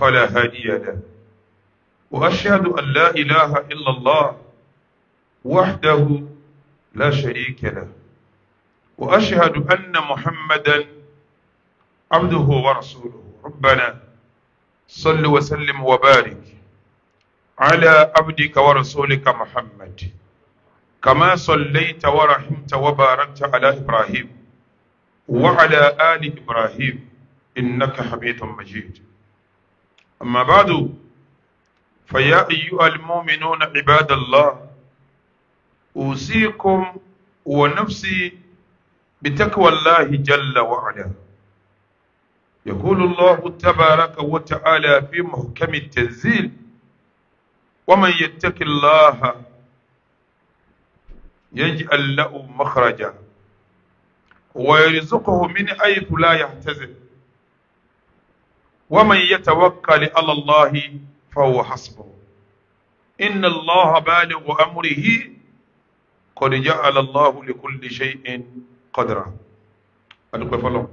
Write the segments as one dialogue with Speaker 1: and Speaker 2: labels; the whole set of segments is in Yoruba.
Speaker 1: فلا هادي له وأشهد أن لا إله إلا الله وحده لا شريك له وأشهد أن محمدا عبده ورسوله ربنا صل وسلم وبارك على عبدك ورسولك محمد كما صليت ورحمت وباركت على إبراهيم وعلى آل إبراهيم إنك حميد مجيد أما بعد فيا أيها المؤمنون عباد الله أوصيكم ونفسي بتقوى الله جل وعلا يقول الله تبارك وتعالى في محكم التنزيل ومن يتق الله يجعل له مخرجا ويرزقه من حيث لا يحتسب ومن يتوكل على الله فهو حسبه إن الله بالغ أمره قد جعل الله لكل شيء قدرا adúpẹ́ fọlọ́n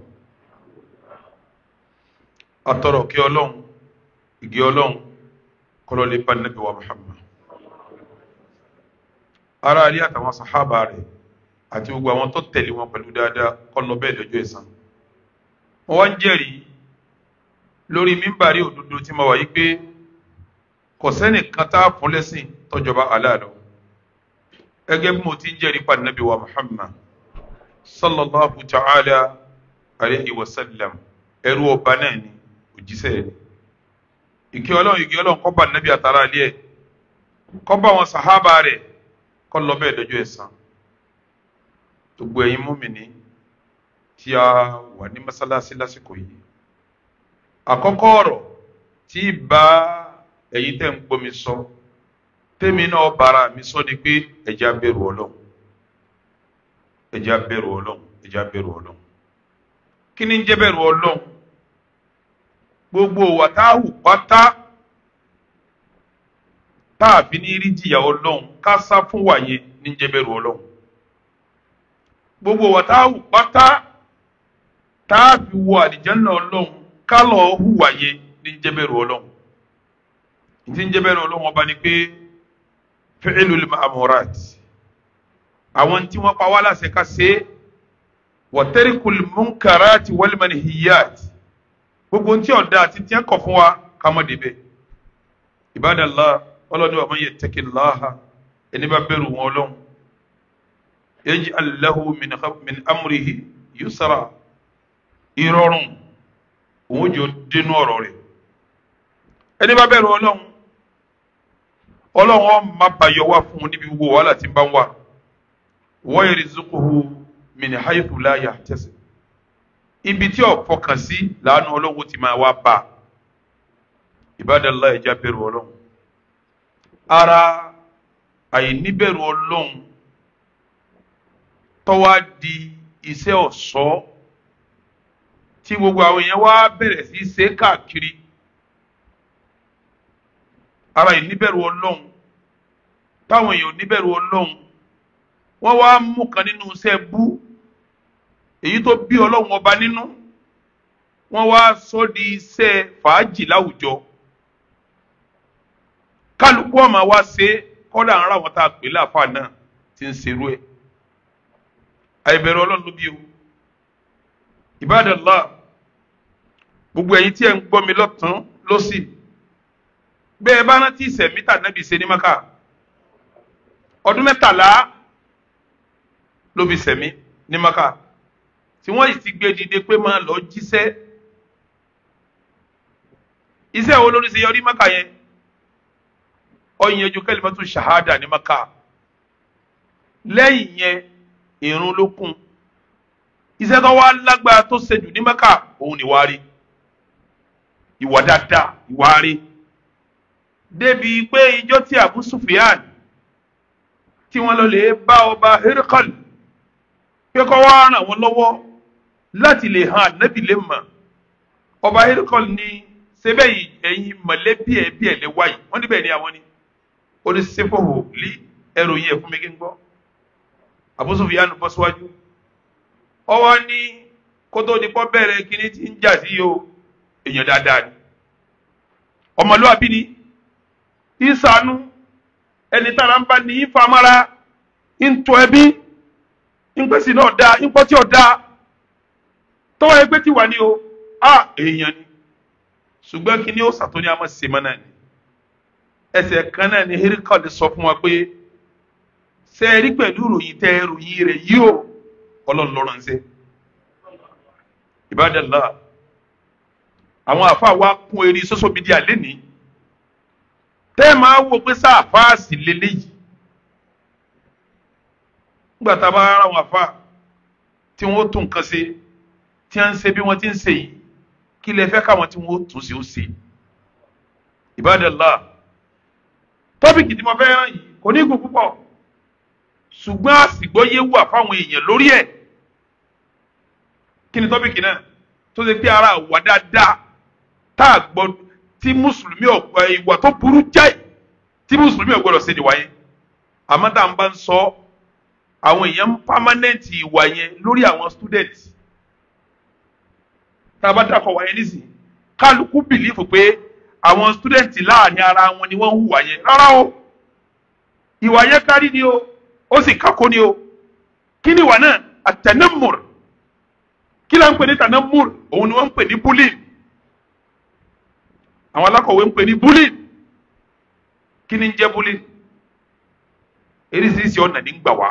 Speaker 1: atọ́rọ̀ kí ọlọ́run ìgé ọlọ́run kọlọ́ lè bá nàbí wa Muhammad ara rí àtàwọn sàhábà rẹ̀ àti gbogbo àwọn tó tẹ̀lé wọn pẹ̀lú dáadáa kọlọ́ bẹ́ẹ̀ lọ́jọ́ ẹ̀san wọ́n wá ń jẹ́rìí lórí mímbàrí òdodo tí mo wà yí pé kò sẹ́nìkan tá a fún lẹ́sìn tọ́jọba aláàlọ́ gẹ́gẹ́ bí mo ti ń jẹ́rìí pa nàbí wa Muhammad sallallahu ta'ala alayhi wa sallam ẹrú ọba náà ni òjíṣẹ́ ẹ̀ ìkẹ́ ọlọ́run ìkẹ́ ọlọ́run kó bá nàbí àtàrà alẹ́ ẹ̀ kó bá wọn sàhábà rẹ̀ kó lọ bẹ́ẹ̀ dọjọ́ ẹ̀san gbogbo ẹ̀yin mùmínì tí a wà ní mọ́sálásí lásìkò yìí àkọ́kọ́ ọ̀rọ̀ tí bá ẹ̀yin tẹ́ ń gbomi sọ tèmi náà bara mi sọ ni pé ẹ̀já bẹ̀rù ọlọ́run ẹ̀já bẹ̀rù ọlọ́run ẹ̀já bẹ̀rù ọlọ́run kí ni ń jẹ́ bẹ̀rù ọlọ́run gbogbo wa tá a hù pátá tá a fi ní rí jìyà ọlọ́run ká sá fún wa ní ń jẹ́ bẹ̀rù ọlọ́run gbogbo wa tá a hù pátá tá a fi wọ àlìjánná ọlọ́run kálọ̀ hùwà yẹn ní ń jẹ́bẹ̀rù ọlọ́run ìdí ń jẹ́bẹ̀rù ọlọ́run ọba ni pé fi'lul ma'murat àwọn tí wọ́n pa wá láṣẹ ká ṣe wa tarikul munkarati wal manhiyat gbogbo ntí ọ̀dà àti tí kọ̀ fún wa ká mọ̀ débẹ̀ ibadallah ọlọ́ni wa man yattaqillaha ẹni bá bẹ̀rù wọn ọlọ́run yaj'al lahu min amrihi yusra ìrọ̀rùn. òun jò dénú ọrọ rẹ ẹni bá bẹ̀rù ọlọ́run ọlọ́run ọ má wá fún un níbi gbogbo wàhálà tí ń bá ń wà wọ́n yẹri zukuhu mini haythu la ibi tí ọ sí ọlọ́run ti máa wá bá a ìbádàlá ọlọ́run ara àìníbẹ̀rù di tí gbogbo àwọn èèyàn wá bẹ̀rẹ̀ sí í ṣe káàkiri ara yìí níbẹ̀rù ọlọ́run táwọn èèyàn níbẹ̀rù ọlọ́run wọ́n wá mú kan nínú iṣẹ́ bú èyí tó bí ọlọ́run ọba nínú wọ́n wá sọ di iṣẹ́ fàájì láwùjọ kálukú ọmọ wa ṣe kọ́dà ń àwọn tá a pè láàfáà náà ti ń ṣerú ẹ̀ àìbẹ̀rù ọlọ́run ló bí o. Ibadallah gbogbo ẹ̀yin tí ẹ ń gbọ́ mi lọ́tún lọ́sì bẹ́ẹ̀ bá rántí ìsẹ̀mí tànàbì ṣe ní Maka ọdún mẹ́tàlá ló fi sẹ̀mí ní Maka tí wọ́n sì ti gbé dìde pé máa lọ jíṣẹ́ iṣẹ́ wo lórí ṣe yọrí Maka yẹn ọ̀yẹ́jú kalimatu shahada ní Maka lẹ́yìn yẹn ìrun ló kún iṣẹ́ tó wá lágbára tó ṣe ní mẹ́kà òun ni wàá rí ìwà dáadáa ìwà rí débi pé ìjọ tí Abu Sufyan tí wọ́n lọ lè bá ọba Hirqal pé kó wá ràn wọ́n lọ́wọ́ láti lè hàn ànábì lè mọ̀ ọba Hirqal ní sebe yi ẹ̀yin mọ̀lẹ́bí ẹ bí ẹ lè wáyé wọn níbẹ̀ ni àwọn ni oníṣẹfọwọ lé ẹrù yẹ fún mi kí n gbọ́ Abu Sufyan bọ́ síwájú. ọwọ́ ní tó nípọ́ bẹ̀rẹ̀ kíní tí ń jà sí o èèyàn dáadáa ni ọmọlúwàbí ni ìsànú ẹni tára ń bá ní ìfamára ń tọ ẹbí ń pèsè náà dáa ń pọ́ tí ò dáa tọ́wọ́ ẹgbẹ́ ti wà ní o a èèyàn ni ṣùgbọ́n kí ni ó ṣàtúnyẹ àmọ́ sèmọ́ náà ni ẹsẹ̀ kan náà ni sọ fún wa pé ṣe é rí pẹ̀lú ìròyìn tẹ́ rẹ̀ yìí o. ọlọ́run lọ́rọ̀ ń ṣe ìbádàlá àwọn àfa wa kún eré social media lẹ́nìí tẹ́ ẹ máa wò pé sáà fáàsì lélẹ́yìí nígbà tá a bá ara àwọn àfa tí wọ́n tún nǹkan ṣe tí wọ́n ń ṣe bí wọ́n ti ń ṣe yìí kí lè fẹ́ káwọn tí wọ́n tún ṣe ó ṣe ìbádàlá tọ́pìkì tí mo fẹ́ ràn yìí kò ní kú púpọ̀ ṣùgbọ́n àsìgbọ́yé wà fáwọn èèyàn lórí ẹ̀ kini ni tọ́pìkì náà tó ṣe pé ara wà dáadáa tá a gbọ́ tí mùsùlùmí ọ̀gbọ́ ìwà tó burú jáì tí mùsùlùmí ọ̀gbọ́dọ̀ ṣe nìwáyé àmọ́ tá à ń bá ń sọ àwọn èèyàn pámánẹ́ǹtì ìwà yẹn lórí àwọn student tá a bá dákọ̀ wáyé nísìnyí kálukú bìlífù pé àwọn student láàrin ara wọn ni wọ́n ń hùwà yẹn rárá o ìwà yẹn kárí ni o ó sì kákó ni o kí ni ìwà náà àtẹnumùrù kí la ń pè ní tanamur òun ni wọ́n ń pè ní bullying àwọn alákọ̀wé ń pè ní bullying kí ni ń jẹ́ bullying eréṣiríṣi ọ̀nà ní gbà wá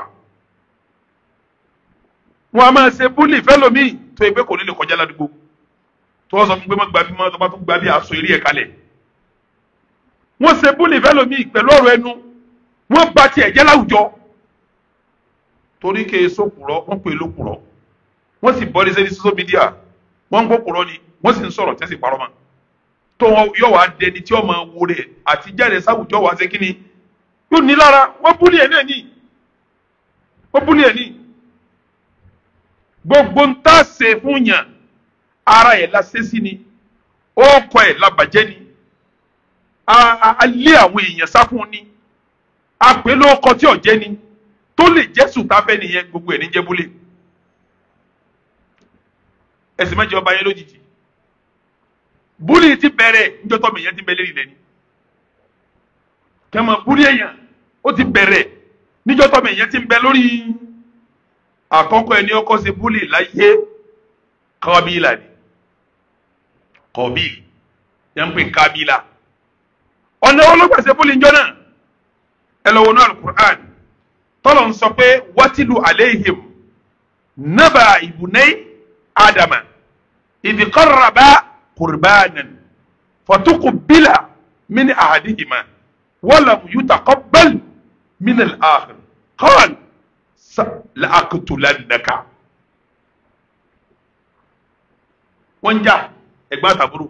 Speaker 1: wọn a máa ṣe bullying fẹ́lòmíì tó ẹgbẹ́ kò ní lè kọjá ládùúgbò tó wọ́n sọ fún pé gbàbí má tó bá tún gbàbí àṣọ eré ẹ̀ kalẹ̀ wọ́n ṣe bullying fẹ́lòmíì pẹ̀lú ọ̀rọ̀ ẹnu wọ́n ba tiẹ̀ jẹ́ láwùjọ torí kí esó kùrọ̀ wọ́n pè é lókùrọ̀ wọ́n sì bọ́ lẹ́sẹ̀ ní sísọ mídíà wọ́n ń kókòrò ni wọ́n sì ń sọ̀rọ̀ tẹ́sí parọ́ mọ́ tó wọn yóò wá dẹni tí ọmọ wo rẹ̀ àti jáde sáwùjọ wá sí kínní yóò ní lára wọ́n búlì ẹ̀ náà ní wọ́n búlì ẹ̀ ní gbogbo ń tá a ṣe fún yàn ara ẹ̀ la sí ni ó ẹ̀ la ni a lé àwọn èèyàn sá fún ni a pè lóko tí ọ̀jẹ́ ni tó lè jẹ́ sùn tá a fẹ́ nìyẹn gbogbo ẹ̀ ní jẹ́ ẹ̀sìn méjì ọba yẹn lójijì búlì ti bẹ̀rẹ̀ njọ́tọ́ mi yẹn ti bẹ̀rẹ̀ lílẹ̀ ni kẹmọ búlì èèyàn ó ti bẹ̀rẹ̀ níjọ́tọ́ mi yẹn ti bẹ̀ lórí àkọ́kọ́ ẹni ọkọ́ ṣe búlì láyé kọ́bílà ni kọ́bílì yẹn ń pè kábílà ọ̀nà olóògbàṣẹ́ búlì njọ́ náà ẹ lọ wọnú alukur'an tọ́lọ̀ ń sọ pé wátìlú àléhìm nábà ìbùnẹ́yì adama idh قربا qurbanan فتقبل من أحدهما walam yutaqabbal من الآخر قال qala la'aqtulannaka wọ́n ń jà ẹ̀gbọ́n àtàbúrò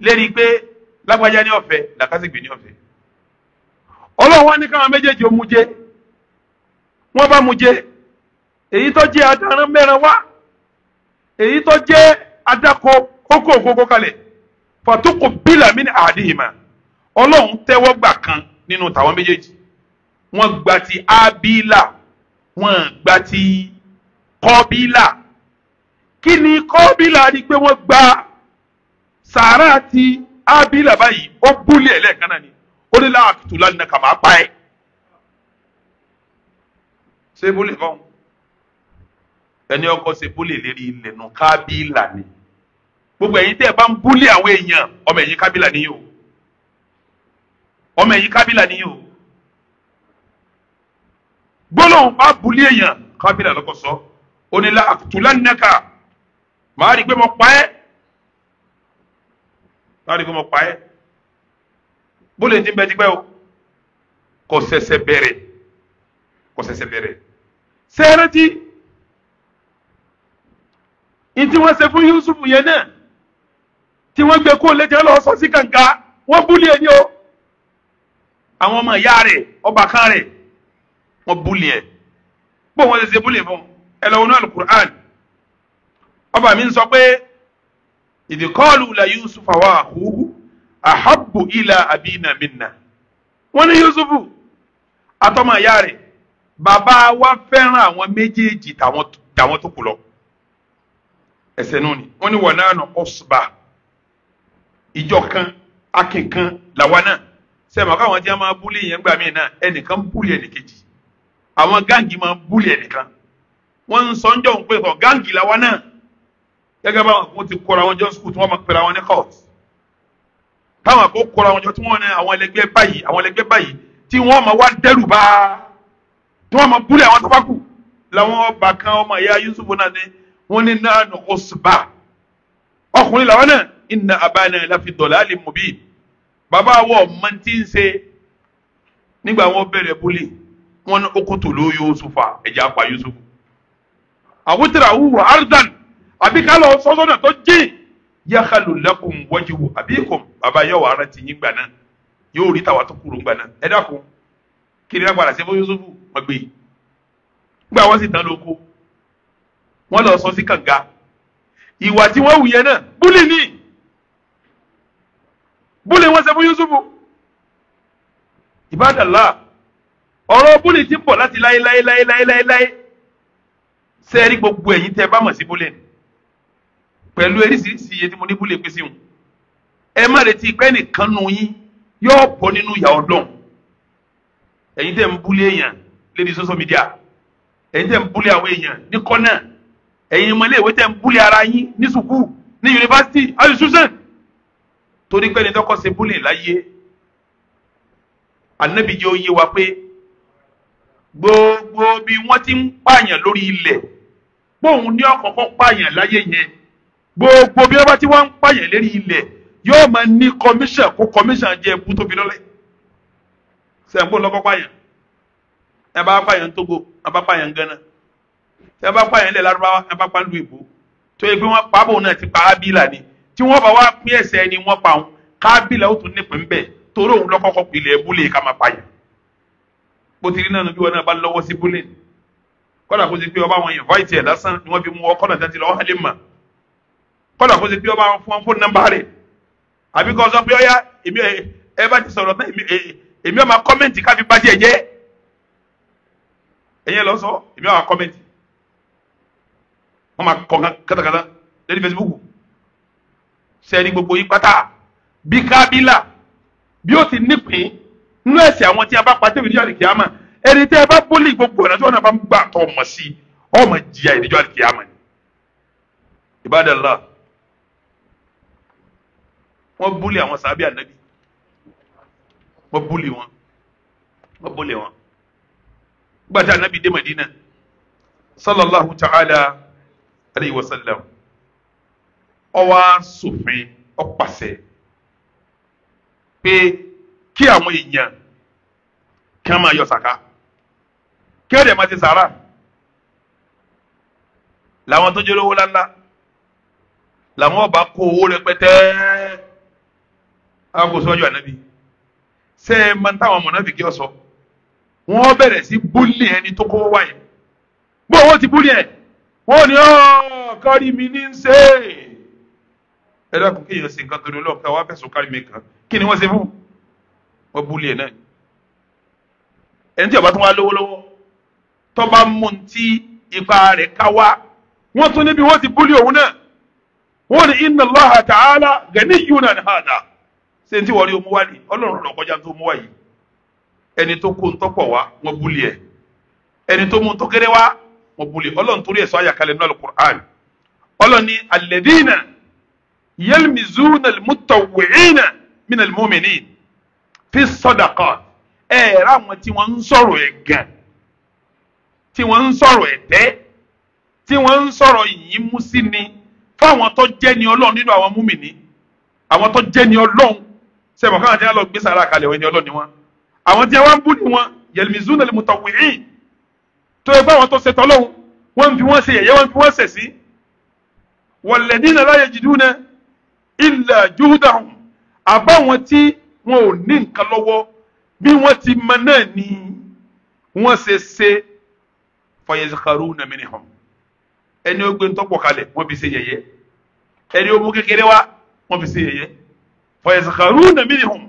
Speaker 1: lérí pé lágbájá ní ọ̀fẹ́ làkàsìgbè ní ọ̀fẹ́ ọlọ́run wá ní káwọn méjèèjì ó mú jẹ wọ́n bá mú jẹ èyí tó jẹ́ adarán mẹ́ran wá èyí tó jẹ́ adako kókó òkókó kalẹ̀ fàtúkù bílà mí ní àdéhìmá ọlọ́run tẹ́wọ́ gbà kan nínú tàwọn méjèèjì wọ́n gba ti abílà wọ́n gba ti kọ́bílà kí ni kọ́bílà ni pé wọ́n gba sàárà ti abílà báyìí ó búlẹ̀ ẹ̀ náà ni ó ní láàkìtù lánàá kà máa pa ẹ́ ṣé búlẹ̀ fọ́n ẹni ọkọ ṣe bólè lérí ilẹ̀ nù kábílà ni gbogbo ẹ̀yin tẹ́ ẹ bá ń búlé àwọn èèyàn ọmọ ẹ̀yìn kábílà ni yóò ọmọ ẹ̀yìn kábílà ni yóò gbólóhùn bá búlé èèyàn kábílà lọ́kọ̀ sọ onílà àtúlánìkà màá rí i pé mo pa ẹ́ màá rí i pé mo pa ẹ́ bólè ti bẹ ti pẹ́ o kò ṣẹ̀ṣẹ̀ bẹ̀rẹ̀ kò ṣẹ̀ṣẹ̀ bẹ̀rẹ̀ sẹ́rẹ́tì ìtí wọ́n ṣe fún Yusuf yẹn náà tí wọ́n gbé kó létí lọ sọ sí kànga wọ́n búlì ẹni o àwọn ọmọ ìyá rẹ̀ ọbàkan rẹ̀ wọ́n búlì ẹ̀ bó wọ́n ṣe ṣe búlì fún ẹ lọ́wọ́ náà alukur'an ọba mi ń sọ pé ìdíkọ́ọ̀lù la Yusuf àwọn àhúhù àhábù ilà àbínà minna wọ́n ní Yusuf àtọmọ ìyá rẹ̀ bàbá wa fẹ́ràn àwọn méjèèjì tàwọn tó kù lọ ẹsẹ̀ náà ni wọ́n ní wọ̀nà àná ọ̀sùbà ìjọ kan akínkan làwa náà sẹ́mi àwọn àwọn tí wọ́n máa búlé yẹn gbà míì náà ẹnìkan búlé ẹnìkejì àwọn gáàngì máa búlé ẹnìkan wọ́n ń sọ ńjọ́ pé kọ́ gáàngì làwa náà gẹ́gẹ́ bá wọn ti kóra wọn jọ skul tí wọ́n máa pera wọn ní court táwọn àkókò kóra wọn jọ tí wọ́n ní àwọn ẹlẹgbẹ́ báyìí àwọn ẹlẹgbẹ́ báyìí tí wọ́n máa wá dẹ́rù bá tí wọ́n máa búlé àwọn tó bá kù làwọn ọba ọmọ ìyá Yusuf náà ní wọ́n ní nánú ọ̀sùbà ọkùnrin làwọn náà ìnà àbáyọ láfi dọ̀là àlè mọ̀bí bàbá àwọ̀ ọ̀mọ tí ń ṣe nígbà wọn bẹ̀rẹ̀ búlì wọn ní okòtò ló Yusufa ẹ̀jẹ̀ apá Yusufu àwùjọ àwùwọ̀ ardan àbíkálọ̀ sọ́sọ́nà tó jìn yàkàlù lakum wájú àbíkùn bàbá yóò wà rántí yín gbà náà yóò rí tàwa tó kúrò gbà náà ẹ dákun kiri agbára sẹfọ Yusufu wọn gbé yìí gbà wọn sì tán lóko wọ́n lọ sọ sí kànga ìwà tí wọ́n wù yẹn náà búlì ní búlì wọ́n ṣe fún Yusufu ìbádàlá ọ̀rọ̀ búlì ti ń bọ̀ láti láyé láyé láyé láyé láyé láyé sẹ́ẹ̀rí gbogbo ẹ̀yin tẹ́ bá mọ̀ sí búlì pẹ̀lú eríṣiríṣi iye tí mo ní búlì pín wọn ẹ má retí pé ẹnìkan nu yín yóò bọ́ nínú ìyà ọdún ẹ̀yin tẹ́ ń búlì èèyàn lórí social media ẹ̀yin tẹ́ ń búlì àwọn èèyàn ní kọ́nà ẹ̀yin ọmọ iléèwé tẹ̀ ń búlẹ̀ ara yín ní sùkúù ní yunifásitì ayélujára torí pé ẹni tó kọ́ ṣe búlẹ̀ láyé ànábì jẹ́ ó yé wa pé gbogbo bí wọ́n ti ń pààyàn lórí ilẹ̀ bóun ní ọ̀kọ̀ọ̀kan pààyàn láyé yẹn gbogbo bí wọ́n bá ti wá ń pààyàn lérí ilẹ̀ yóò máa ní kọmíṣàn kó kọmíṣàn jẹ ẹbú tóbi lọ́lẹ̀ sẹ́ńgbọ́n lọ́kọ́ pààyàn ẹ bá pààyàn Tógò ẹ bá pààyàn Gánà tẹ́ bá pààyàn lẹ̀ lárúbáwá tẹ́ bá pàǹdù ìbò tó yẹ pé wọ́n pa bò náà ti pa ábílà ni tí wọ́n bá wá pín ẹ̀sẹ̀ ni wọ́n pa òun kábílà ó tún nípìn bẹ́ẹ̀ torí òun lọ́kọ́kọ́ pilẹ̀ ẹ̀búlé ká máa pààyàn bó ti rí náà bí wọn náà bá lọ́wọ́ sí búlẹ̀ kọ́dà kó ti pé ọba wọn invite ẹ̀ lásán ni wọ́n fi mú ọ kọ́dà tẹ́ ti lọ́wọ́ hálẹ́ mà kọ́dà kó ti pé ọba wọn fún wọn fún nọ́mbà rẹ̀ àbí kọ́ sọ pé ọ̀yá èmi ẹ bá ti sọ̀rọ̀ náà èmi ọ̀ máa kọ́mẹ̀ntì ká fi bá tiẹ̀ jẹ́ ẹ̀yẹ lọ sọ èmi ọ̀ máa wọ́n máa kọ kátàkátà lórí Facebook sẹ́ẹ̀rí gbogbo yìí pátá bí kábílà bí ó ti nípìn nínú ẹ̀sẹ̀ àwọn tí a bá pa tẹ́lifíṣẹ́ àlìkíyàmà ẹni tẹ́ ẹ bá bólì gbogbo ọ̀nà tí wọ́n náà bá ń gbà tọ́ ọmọ sí ọmọ jìyà ìdíjọ́ àlìkíyàmà ni ìbádàlá wọ́n búlì àwọn sàbí ànábì wọ́n búlì wọn wọ́n búlì wọn gbàtà ànábì dé Madina sallallahu ta'ala alayhi hmm. wa sallam ọwọ́ asòfin ọpàṣẹ pé kí àwọn èèyàn kí wọ́n máa yọ sàká kí wọ́n dẹ̀ máa ti sàrà làwọn tó jẹ́ lówó ńláńlá làwọn ọba kó owó rẹpẹtẹ agosojú ànábi ṣé ẹ máa ń táwọn mọ̀nàfíkì ọ̀sọ́ wọ́n bẹ̀rẹ̀ sí búlì ẹni tó kówó wáyé bó owó ti búlì ẹ̀ wọ́n ní ọ́ ah, kárí mi ní í ṣe ẹ dákun kí èèyàn ṣe nǹkan tó ní ọlọ́ọ̀ ká wá fẹ̀sùn kárí mi kan kí ni wọ́n ṣe fún wọn búlé náà ẹni tí ọba tó wá lówó tó bá mú ti ipa rẹ̀ ká wá wọ́n tún níbi wọ́n ti búlé òun náà wọ́n ní inna Allaha ta'ala ganiyyun an hadha ṣe ti wọ́n rí omi wá ní ọlọ́run lọ kọjá tó mú wá yìí ẹni tó kó ń tọ́pọ̀ wá wọ́n búlé ẹni tó mú tó kéré wá wọn bulẹ̀ ọlọ́run torí ẹ̀sọ́ àyàkálẹ̀ náà al-Qur'an ọlọ́ni alẹ́dínà yẹlmizuna mutawìcínà mina mọ́mìnì fi sọ́dàkọ́ ẹ̀ ẹ̀rọ àwọn tí wọ́n ń sọ̀rọ̀ ẹ̀gàn tí wọ́n ń sọ̀rọ̀ ẹ̀tẹ́ tí wọ́n ń sọ̀rọ̀ yìí mú sí ni fáwọn tó jẹ́ ni ọlọ́run nínú àwọn ni ọlọ́run sẹ́wọ̀n káwọn tí wọ́n lọ gbé sára kalẹ̀ wọ́n ni ọlọ́run ni wọ́n àwọn tí wọ́n ń ni wọ́n yẹlmizuna mutawìcínà tó ẹgbẹ́ àwọn tó ṣetán lọ́hùn wọ́n fi wọ́n ṣe yẹ̀yẹ́ wọ́n fi wọ́n ṣẹ̀ sí. walladina la yajiduna illa juhdahum àbáwọn tí wọn ò ní nǹkan lọ́wọ́ bí wọ́n ti mọ náà ni wọ́n ṣe ṣe fayazkharuna minhum ẹni ó gbé ntọ́pọ̀ kalẹ̀ wọ́n fi ṣe yẹ̀yẹ́ ẹni ó mú kékeré wá wọ́n fi ṣe yẹ̀yẹ́ fayazkharuna minhum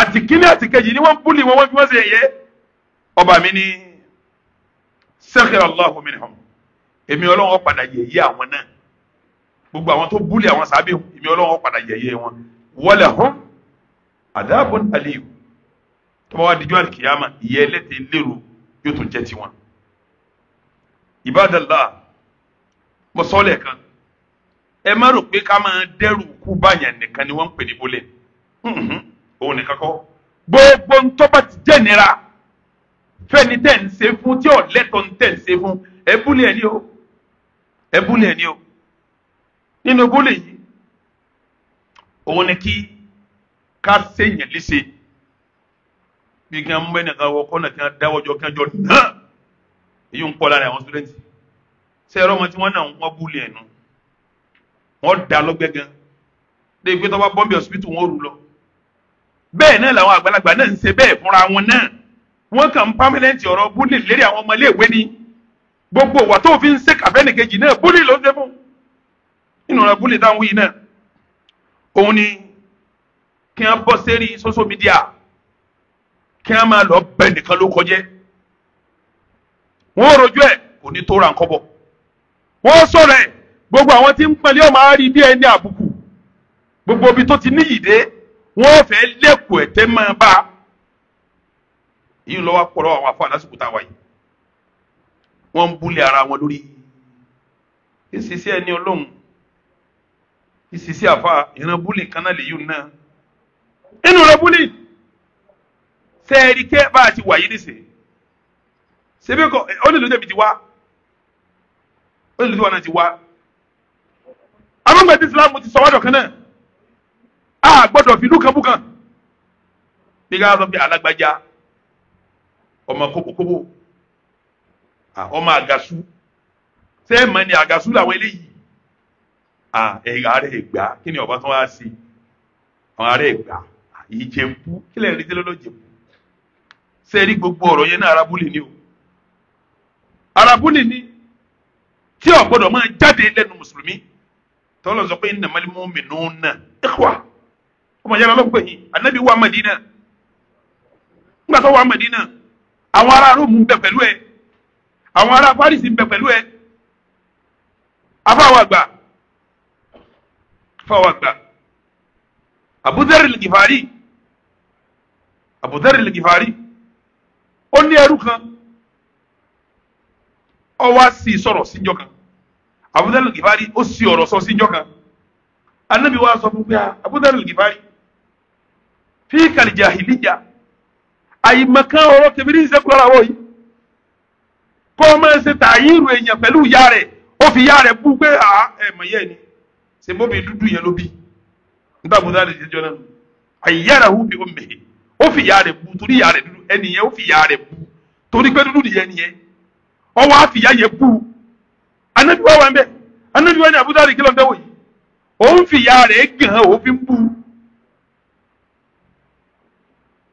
Speaker 1: àtìkíní àtìkẹjì ni wọ́n búlì wọn wọ́n fi wọ́n ṣe yẹ̀yẹ́ ọba mi ni sakhira Allahu minhum èmi ọlọ́run ó padà yẹ̀yẹ́ àwọn náà gbogbo àwọn tó búlẹ̀ àwọn sábẹ́ èmi ọlọ́run ó padà yẹ̀yẹ́ wọn walahum adhabun alim tó bá wá dijọ́ àlìkìyàmà ìyẹ́ ẹlẹ́tẹ̀ lérò yóò tún jẹ́ tiwọn. Ibadallah mo sọ lẹ́ẹ̀kan ẹ má rò pé ká máa dẹ́rù kú báyàn nìkan ni wọ́n ń pè ní bólẹ̀ òun nìkan kọ́ gbogbo ntọ́ba ti jẹ́ nira fẹ́ni tẹ̀ ń ṣe fún tí ọ̀lẹ́tọ̀ ń tẹ̀ ń ṣe fún ẹ̀bùlẹ̀ ẹni o ẹ̀bùlẹ̀ ẹni o nínú bólè yìí òun ni kí ká ṣèyàn léṣe bí kí wọ́n mú ẹnìkan wọ kọ́nà kí wọ́n dáwọ́ kí wọ́n jọ náà èyí ń pọ̀ lára àwọn sítúdẹ̀ntì ṣé ẹ̀rọ wọn tí wọ́n náà wọ́n búlẹ̀ ẹ̀nu wọ́n dá lọ́gbẹ́ gan dé ìgbé tó bá bọ́m̀bì ọ̀sibítù wọn rù lọ bẹ́ẹ̀ náà làwọn àgbàlagbà náà ń ṣe bẹ́ẹ̀ fúnra wọn náà wọ́n kàn pámẹ́lẹ́ǹtì ọ̀rọ̀ búlì lérí àwọn ọmọ iléèwé ni gbogbo wà tó fi ń ṣe kàbẹ́nìkejì náà búlì ló ń ṣe nínú ọ̀rọ̀ búlì táwọn wíyì náà òun ni kí wọ́n bọ́ sérí social media kí wọ́n máa lọ bẹ nìkan ló kọjẹ́ wọ́n rojú ẹ̀ kò ní tó ra nǹkan bọ̀ wọ́n sọ̀rọ̀ ẹ̀ gbogbo àwọn tí ń pẹ̀lẹ́ ọmọ àárí bí ẹni àbùkù gbogbo ibi tó ti níyì dé wọ́n fẹ́ lẹ́kọ̀ọ́ ẹ̀tẹ́ máa bá a yìí lọ́wọ́ pọ̀ lọ́wọ́ àwọn afọ àdásùkú tá a wà yìí wọ́n ń búlẹ̀ ara wọn lórí ìṣiṣẹ́ ẹni ọlọ́run ìṣiṣẹ́ àfa ìran búlì kan náà lèyí náà inú rẹ búlì sẹ́ẹ̀rì kẹ́ bá a ti wà yìí nìṣẹ́ ṣebí kọ ó nílùú tẹ̀mí ti wá ó nílùú tí wọn ti wá amúgbàtí Islam ti sọ wádọ̀ kan náà a gbọ́dọ̀ fi ìlú bí ká sọ pé alágbájá ọmọ kóbókóbó ọmọ àgàsù sẹ́ẹ̀mọ ni àgàsù làwọn eléyìí a ààrẹ ìgbà kí ni ọba tó wá sí àwọn ààrẹ ìgbà ìjẹ̀bú kí lẹ́yìn rí tẹ́lẹ́ lọ́jẹ̀bú sẹ́ẹ̀rí gbogbo ọ̀rọ̀ yẹn náà arábúlì ni o arábúlì ni tí ó gbọ́dọ̀ máa jáde lẹ́nu mùsùlùmí tọ́lọ̀ sọ pé innamal mu'minuna ikhwa ọmọ yàrá lọ́pọ̀ yìí anabi wa Madina ńgbà tó wà Madina àwọn ará Róòmù ń bẹ pẹ̀lú ẹ àwọn ará Paris ń bẹ pẹ̀lú ẹ afáwọn àgbà afáwọn àgbà Abudar al-Gifari Abudar al-Gifari ó ní ẹrú kan ó wá sí sọ̀rọ̀ síjọ́ kan Abudar al ó sì ọ̀rọ̀ sọ síjọ́ kan Ànábì sọ fún pé Abudar al-Gifari fi kàlìjà ìlíjà àyìmọ̀kan ọ̀rọ̀ tèmi ní ìṣẹ́kù lára wọ̀ yìí kó o máa ṣe tààyìnrù èèyàn pẹ̀lú ìyá rẹ̀ ó fi ìyá rẹ̀ bú pé à ẹ̀ mọ̀yẹ́ ni sèmóbi dúdú yẹn ló bí nígbà bó dáa lè ṣe jọ náà àyíyára hu bí ó mẹ̀ ó fi ìyá rẹ̀ bú torí ìyá rẹ̀ dúdú ẹnìyẹn ó fi ìyá rẹ̀ bú torí pé dúdú nìyẹn nìyẹn ọwọ́ á fi ìyá yẹn bú anabiwa wa ń bẹ anabiwa ni Abu Dhali kí ló ń dẹ́wọ̀ yìí òun fi ìyá rẹ̀ gàn án òun fi ń bú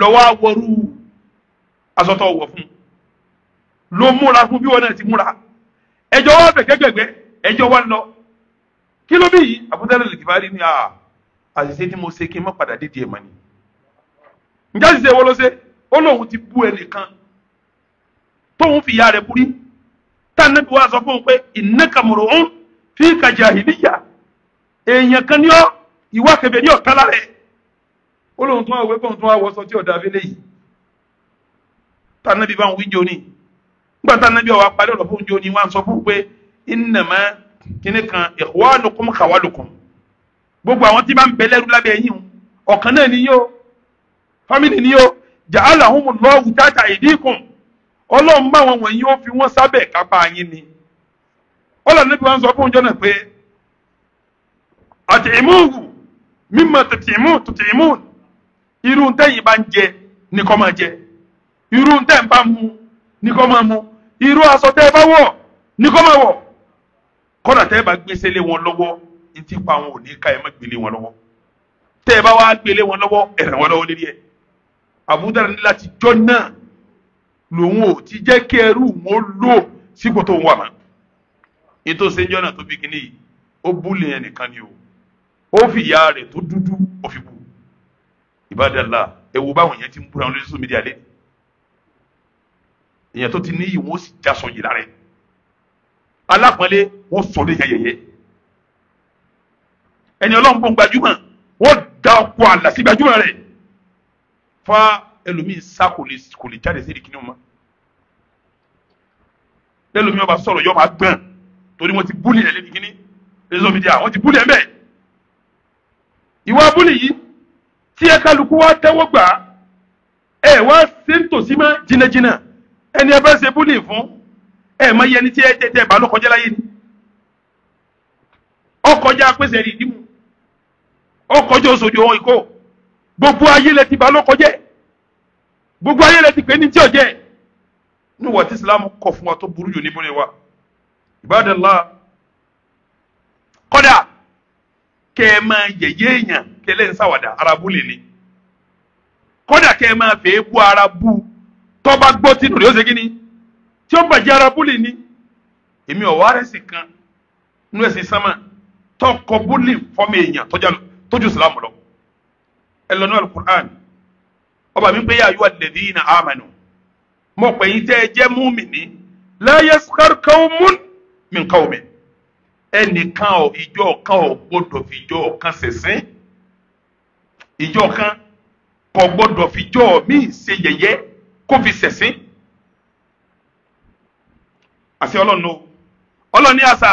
Speaker 1: lọ́wọ́ àwọrú asọ́tọ̀ ọ̀wọ̀ fún ló múra fún bí wọn náà ti múra ẹjọ́ wọn bẹ̀ gẹ́gẹ́gbẹ́ ẹjọ́ wọn lọ kí ló bí yìí àbúdárẹ́ lè kìfà ni àṣìṣe tí mo ṣe kí n má padà dídì ẹ̀ mọ́ ni njẹ́ àṣìṣe wo ló ṣe ó lóun ti bú ẹnìkan tóun fi ya. rẹ̀ burí tànàbí wa sọ fún un pé ìnákàmùrò ń fi kàjà ìníyà èèyàn kan ní ọ ìwà kẹfẹ ní ọ̀tá lára ẹ̀ ó lóun tún àwẹ́ pọ̀n tún àwọ̀sọ tí ọ̀dà abẹ́lẹ̀ yìí tànàbí bá ń wíjọ ní nígbà tànàbí ọ̀wà parí ọ̀rọ̀ fún jọ ní wọ́n sọ fún pé ìnàmá kíní kan ikhwanukum khawalukum gbogbo àwọn tí bá ń bẹ lẹ́rú lábẹ́ yín ọ̀kan náà ni yóò fámìlì ni yóò ja'alahumullahu tahta aydikum ọlọ́run bá wọn wọ̀nyí ó fi wọ́n sábẹ̀ kápá yín ni ọlọ́run níbi wọn sọ fún ìjọ náà pé àtìmúhù mímọ irú ntẹ́yìn bá ń jẹ ní kó máa jẹ irú ntẹ́yìn bá ń mu ní kó máa mu irú aṣọ tẹ́ ẹ bá wọ̀ ní kó máa wọ̀ kọ́nà tẹ́ ẹ bá gbèsè lé wọn lọ́wọ́ etí pa wọn ò ní ká ẹ má gbélé wọn lọ́wọ́ tẹ́ ẹ bá wá gbélé wọn lọ́wọ́ ẹ̀rẹ̀ wọn lọ́wọ́ lérí ẹ̀ àbúdára ní láti jọ́ náà lòun ò ti jẹ́ kí ẹrú wọn lò sípò tó ń wà mọ́ ètò ìṣèjọ́ náà tó bí kíní yìí ó o ó bú ìbádàlá ẹ wo báwọn yẹn ti ń búra wọn lórí social media lé èèyàn tó ti níyì wọn ó sì já sọ yìí lára ẹ alápọ̀nlé wọn sọ lé yẹyẹyẹ ẹni ọlọ́run bó ń gbajúmọ̀ wọ́n da ọkọ̀ àlà sí gbajúmọ̀ rẹ̀ fa ẹlòmíì sá kò lè kò lè jáde sí ìdíkínú ma lẹ́lòmíì ọba sọ̀rọ̀ yọ máa gbọ̀n torí wọ́n ti búlì ẹ̀ lẹ́díkíní lẹ́sọ̀ mi díà wọ́n ti búlì ẹ̀ bẹ́ẹ̀ ìwà búlì yìí tí ẹ kálukú wá tẹ́wọ́ gbà á ẹ wá sí nítòsí mọ́ jìnnàjìnnà ẹni ẹ fẹ́ ṣe búlì fún ẹ mọ iye ẹni tí ẹ tẹ tẹ bá lọ́kọjá láyé ni ọkọjá pèsè rí ìdímú ọkọjá oṣooṣù ohun ìkó gbogbo ayé lẹ ti bá lọ́kọjẹ́ gbogbo ayé lẹ ti pè ní tí ọjẹ́ níwọ̀ tí Islam kọ̀ fún wa tó burú jù níbo ni wa Ibadallah. kẹ́ ẹ máa yẹ̀yẹ́ èèyàn tẹ́lẹ̀ ń ṣàwàdà arabu lè ní kódà kẹ́ fèé bú arabu tọ́ba gbọ́ tínú rẹ̀ ó ṣe kí ni tí ó ń bàjẹ́ arabu lè ní èmi ọ̀wá rẹ̀ sì kan nú ẹ̀sìn sánmà tọkọ bólè fọ́mọ èèyàn tójú Islam lọ ẹ lọ ní alukur'an ọba mi pé yà yọ alladhina amanu mọ̀ pẹ̀yìn ẹ jẹ́ múmi ní la yaskar qawmun min qawmin ẹnìkan ọ ìjọ kan ọ gbọ́dọ̀ fi ìjọ kan ṣẹ̀sìn ìjọ kan kò gbọ́dọ̀ fi ìjọ míì ṣe yẹ̀yẹ́ kó fi ṣẹ̀sìn àti ọlọ́run o ọlọ́run ní àṣà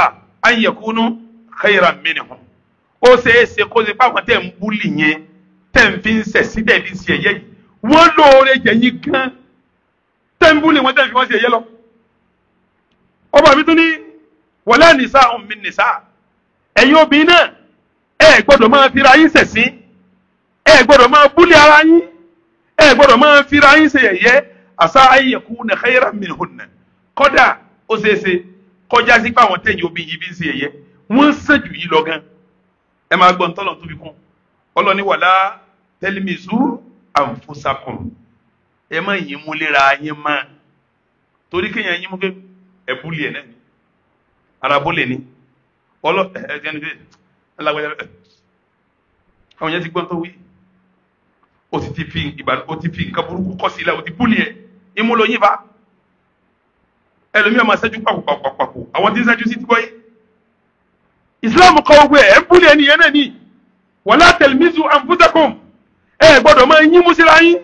Speaker 1: ayẹ̀kúnú khayran minhum ó ṣeé ṣe kó ṣe páwọn tẹ̀ ń búlì yẹn tẹ̀ ń fi ń tẹ̀ fi ṣe yẹ̀yẹ́ wọ́n lóore jẹ̀yìn gan tẹ̀ ń búlì wọn tẹ̀ fi wọ́n ṣe yẹ̀yẹ́ lọ ọba mi tún ní wala nisa'un min nisa' ẹ̀yin obìnrin náà ẹ gbọ́dọ̀ máa fira yín ṣẹ̀sín ẹ gbọ́dọ̀ máa búlẹ̀ ara yín ẹ gbọ́dọ̀ máa fira yín ṣe yẹ̀yẹ́ àṣà ayyakuna khayran minhunna kọ́dà ó ṣeéṣe kọjá sí pé àwọn tẹ̀yìn obìnrin yìí fi ń ṣe yẹ̀yẹ́ wọ́n ń yìí lọ gan ẹ máa gbọ́ ntọ́lọ̀ tóbi kún ọlọ́ni wala tẹlimizu anfusakum ẹ má yín mú léra yín má torí kéèyàn yín mú ẹ búlẹ̀ náà Arabole ni, ní ọlọ ẹni pé alágbẹ̀dẹ àwọn yẹn ti gbọ́n tó wí o ti ti fi ìbàdàn o ti fi nǹkan burúkú kọ́ sí ilẹ̀ o ti búlì ẹ̀ ìmúlò yín fa ẹlòmíràn máa ṣẹ́jú pàkópàkópàkó àwọn tí ń ṣẹ́jú sí ti gbọ́ yé Islam kọ́ gbogbo ẹ̀ ẹ̀ ń búlì ẹni yẹn náà ní wala talmizu anfusakum ẹ gbọ́dọ̀ máa yín mú síra yín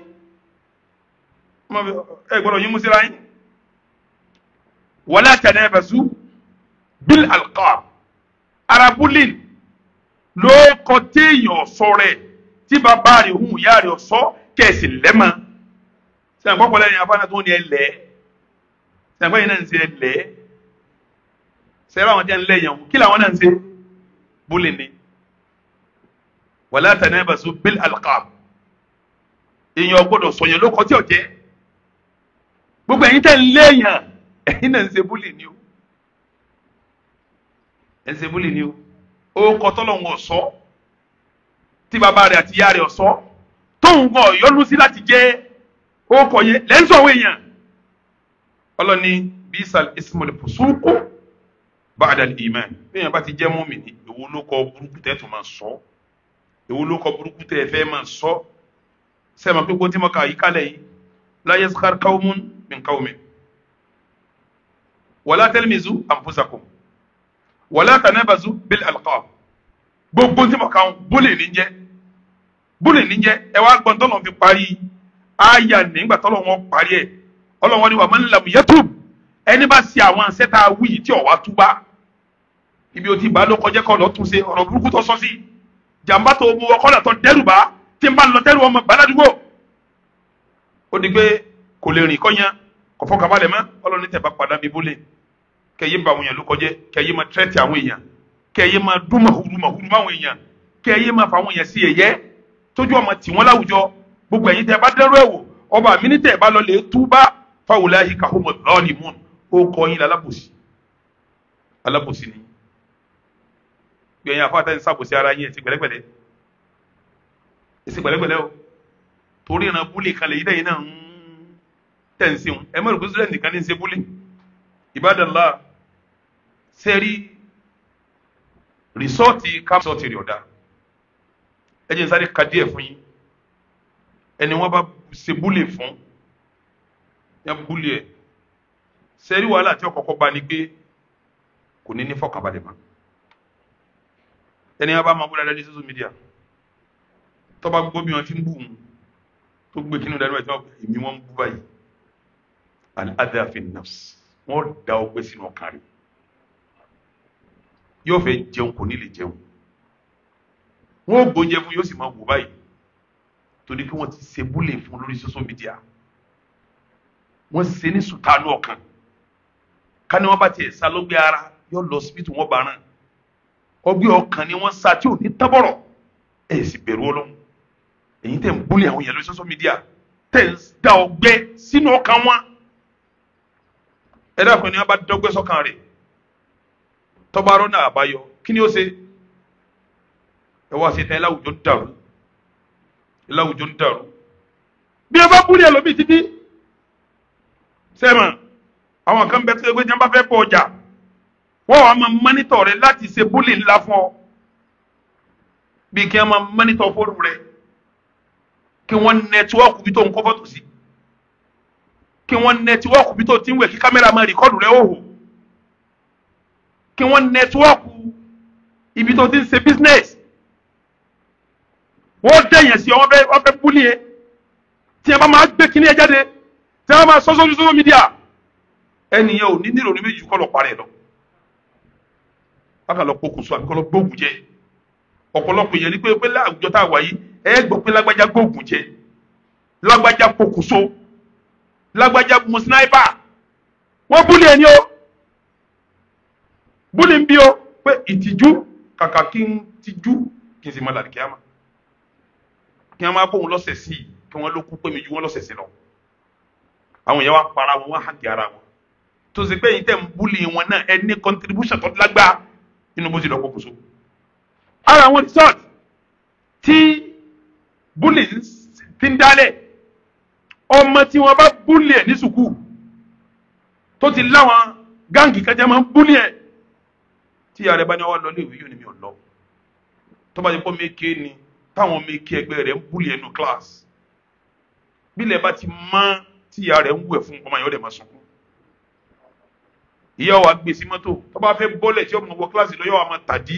Speaker 1: ẹ gbọ́dọ̀ yín mú síra yín wala tanabazu. Bill alqab arabulin ló kọ téèyàn sọ rẹ tí bàbá rẹ òun ìyá rẹ sọ kẹsì lẹ́mọ sẹ́yìn pọ́pọ́ lẹ́yìn afáàná tó ní ẹ lẹ́ sẹ́yìn pọ́pọ́ yẹn náà ń ṣe ẹ lẹ́ sẹ́yìn báwọn jẹ́ ń lẹ́yìn ọ̀hún kí làwọn náà ń ṣe bulin ni wàlá tanabasu Bill alqab èèyàn gbọ́dọ̀ sọ̀yàn ló kọ tí ò jẹ́ gbogbo ẹ̀yin tẹ́ ń léèyàn ẹ̀yin náà ń ṣe búlì ni o ẹsẹ bólè ni o ó kọ tọlọhún ọsọ tí bàbá rẹ̀ àti ìyá rẹ̀ ọsọ tóun gan ọyọnu sí láti jẹ ó kọ yẹn lẹ́nsọ̀ àwọn èèyàn ọlọ́ni bisal ismail fusuku baadal iman bẹ́ẹ̀ bá ti jẹ́ mọ́mì ni èwo ló kọ burúkú tẹ́ tó máa sọ èwo ló kọ burúkú tẹ́ fẹ́ máa sọ sẹ́mi àpékò tí mo kà yí kálẹ̀ yìí la yaskar kaumun min kaumin wala talmizu anfusakum wala tanabazu bil alqab gbogbo tí mo kàn bólè ní jẹ́ bólè ní jẹ́ ẹ wá gbọ́n tọ́lọ́ fi parí àyà nígbà tọ́lọ́ wọn parí ẹ̀ ọlọ́wọ́n ni wà man lam yatub ẹni bá ṣe àwọn àṣẹta wíyì tí ọ̀wá túbá ibi o ti bá ló kọjá kọ́ lọ́ tún ṣe ọ̀rọ̀ burúkú tó sọ sí jàmbá tó mú ọkọ́ làtọ̀ dẹ́rù bá tí n bá lọ dẹ́rù ọmọ gbàdádúgbò ó di kò lè rìn kọ́ yẹn kò fọkàbalẹ̀ mọ́ ọlọ́ni tẹ̀ bá padà bí kẹyẹ ba àwọn èèyàn ló kọjẹ kẹyẹ máa tẹrẹtì àwọn èèyàn kẹyẹ máa dún màhúrú màhúrú máwọn èèyàn kẹyẹ máa fa àwọn èèyàn sí yẹ̀yẹ́ tójú ọmọ tì wọn láwùjọ gbogbo ẹ̀yin tẹ́ bá dẹrú ẹ wò ọba mi ní tẹ́ bá lọ lè túbá fáwọlẹ ayíká homo lọọlì mún ó kọ yín lálábòsí alábòsí ni gbẹ̀yìn afáàtà ń sàbòsí ara yín ẹsẹ pẹ̀lẹ́pẹ̀lẹ́ ẹsẹ pẹ̀lẹ́pẹ̀lẹ́ o torí ìran búlì kan lè yí dẹyìn náà ń tẹ̀ ń sẹ́wọ̀n Ibadallah seri rìsọ́ọ̀tì kámsọ́ọ̀tì rẹ̀ ọ̀dà ẹ jẹ́ sáré ka díẹ̀ fún yín ẹni wọ́n bá ṣe búlè fún ya búlè ẹ̀ sẹ́rí wàhálà tí ọkọ̀ọ̀kọ̀ bá ní pé kò ní ní fọkànbalẹ̀ mọ́ ẹni wọ́n bá máa bú dáadáa ní social media tó bá gbọ́ bí wọ́n fi ń bù wọn tó gbé kínú dáadáa tí wọ́n èmi wọ́n ń bú báyìí al-adha fi nafs wọ́n da ọgbẹ́ sínú ọkàn rẹ̀ yóò fẹ́ jẹun kò ní lè jẹun wọ́n ò gbóúnjẹ fún yóò sì máa wò báyìí torí pé wọ́n ti ṣe búlè fún lórí social media wọ́n ṣe ní sùtánù ọkàn ká ní wọ́n bá tiẹ̀ sá lọ́gbẹ́ ara yóò lọ síbítù wọ́n bá rán ọgbẹ́ ọkàn ni wọ́n sá tí ò ní tábọ̀rọ̀ ẹ̀ sì bẹ̀rù ọlọ́run èyí tẹ̀ ń búlè àwọn yẹn lórí social media tẹ̀ ń da ọgbẹ́ sínú ọkàn wọn ẹ dákun ní abá dọ́gbẹ́ sọ́kàn rẹ̀ tọ́ba rọ́nà àbáyọ kí ni ó ṣe ẹ wá sí tán láwùjọ ń dàrú láwùjọ ń dàrú bí ẹ bá búrí ẹ lómi títí sẹ́mọ̀ àwọn kan bẹ tó ṣe pé jẹ́ bá fẹ́ bọ̀ ọjà wọ́n wàá máa mọ́nítọ̀ rẹ láti ṣe búlì ńlá fún ọ bí kí wọ́n máa mọ́nítọ̀ fóònù rẹ kí wọ́n nẹ́tíwọ́ọ̀kù bí tó ń kọ́ sí i kí wọ́n nẹtiwọ́ọ̀kù bí tó ti ń wẹ̀ kí kámẹ́rà máa rìkọ́dù rẹ̀ òhò kí wọ́n nẹtiwọ́ọ̀kù ibi tó ti ń ṣe business wọ́n dẹ̀yẹ̀ sí ọwọ́ ọbẹ̀ búlí yẹn tí ẹ bá máa gbé kíní ẹ jáde tí ẹ bá máa sọ́sọ́ lóṣooṣo mídíà ẹnì yẹn ò ní nílò ní méjì kọ́ lọ parẹ́ lọ bákan lọ pokùnso àbí kọ́ lọ gbóògùn jẹ ọ̀pọ̀lọpọ̀ yẹn ni pé pé láwùjọ lágbájá mu sniper wọ́n búlì ẹni o búlì ń bí o pé ìtìjú kàkà kí n tijú kí n sì máa làlìkí àmà kí wọ́n máa bóun lọ́sẹ̀ sí i kí wọ́n ló kú pé mi ju wọ́n lọ́sẹ̀ sí lọ àwọn èèyàn wa para wọn wọ́n hàkì ara wọn tó sì pé yìí tẹ̀ ń búlì wọn náà ẹni contribution tó lágbá inú bó ti lọ kókó so ara àwọn resort tí búlì ti ń dálẹ̀ ọmọ tí wọ́n bá búlì ẹ̀ ní sùkúù tó ti láwọn gáǹgì kẹjẹ máa ń búlì ẹ̀ tí ìyá rẹ̀ bá ní ọwọ́ lọ léwu yóò ní mi ò lọ tó bá yẹ kó meke ni táwọn meke ẹgbẹ́ rẹ̀ ń búlì ẹnu kíláàsì bílẹ̀ bá ti mọ́ tí ìyá rẹ̀ ń wẹ̀ fún ọmọ yẹn ó dẹ̀ máa sunkún ìyá wa gbèsè e mọ́tò tó bá fẹ́ bọ́lẹ̀ tí ọmọ wọ kíláàsì lọ yọ àwọn tàdí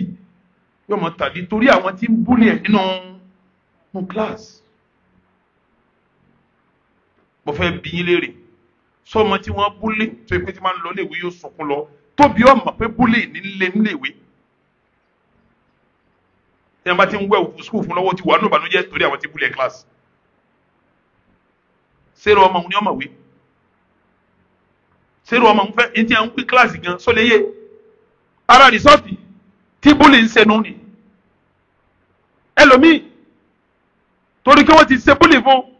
Speaker 1: yọ àwọn tàdí torí àwọn tí ń búlì ẹ̀ nínú kíláàsì mo fẹ́ bí yín léèrè sọmọ tí wọ́n búlé tó yẹ pé tí máa ń lọ léèwé yóò sunkún lọ tóbi ọmọ pé búlé ní lé níléèwé tí wọ́n bá ti ń wẹ̀ skul fún lọ́wọ́ ti wà nínú ìbànújẹ́ torí àwọn ti búlé kíláàsì sẹ́rọ ọmọ òun ni ọmọ wé sẹ́rọ ọmọ òun fẹ́ etí à ń pín kíláàsì gan sọléyè ara rìsọ́ọ̀tì tí búlé ń sẹnu ni ẹlòmíì torí kí wọ́n ti ṣe búlé fún un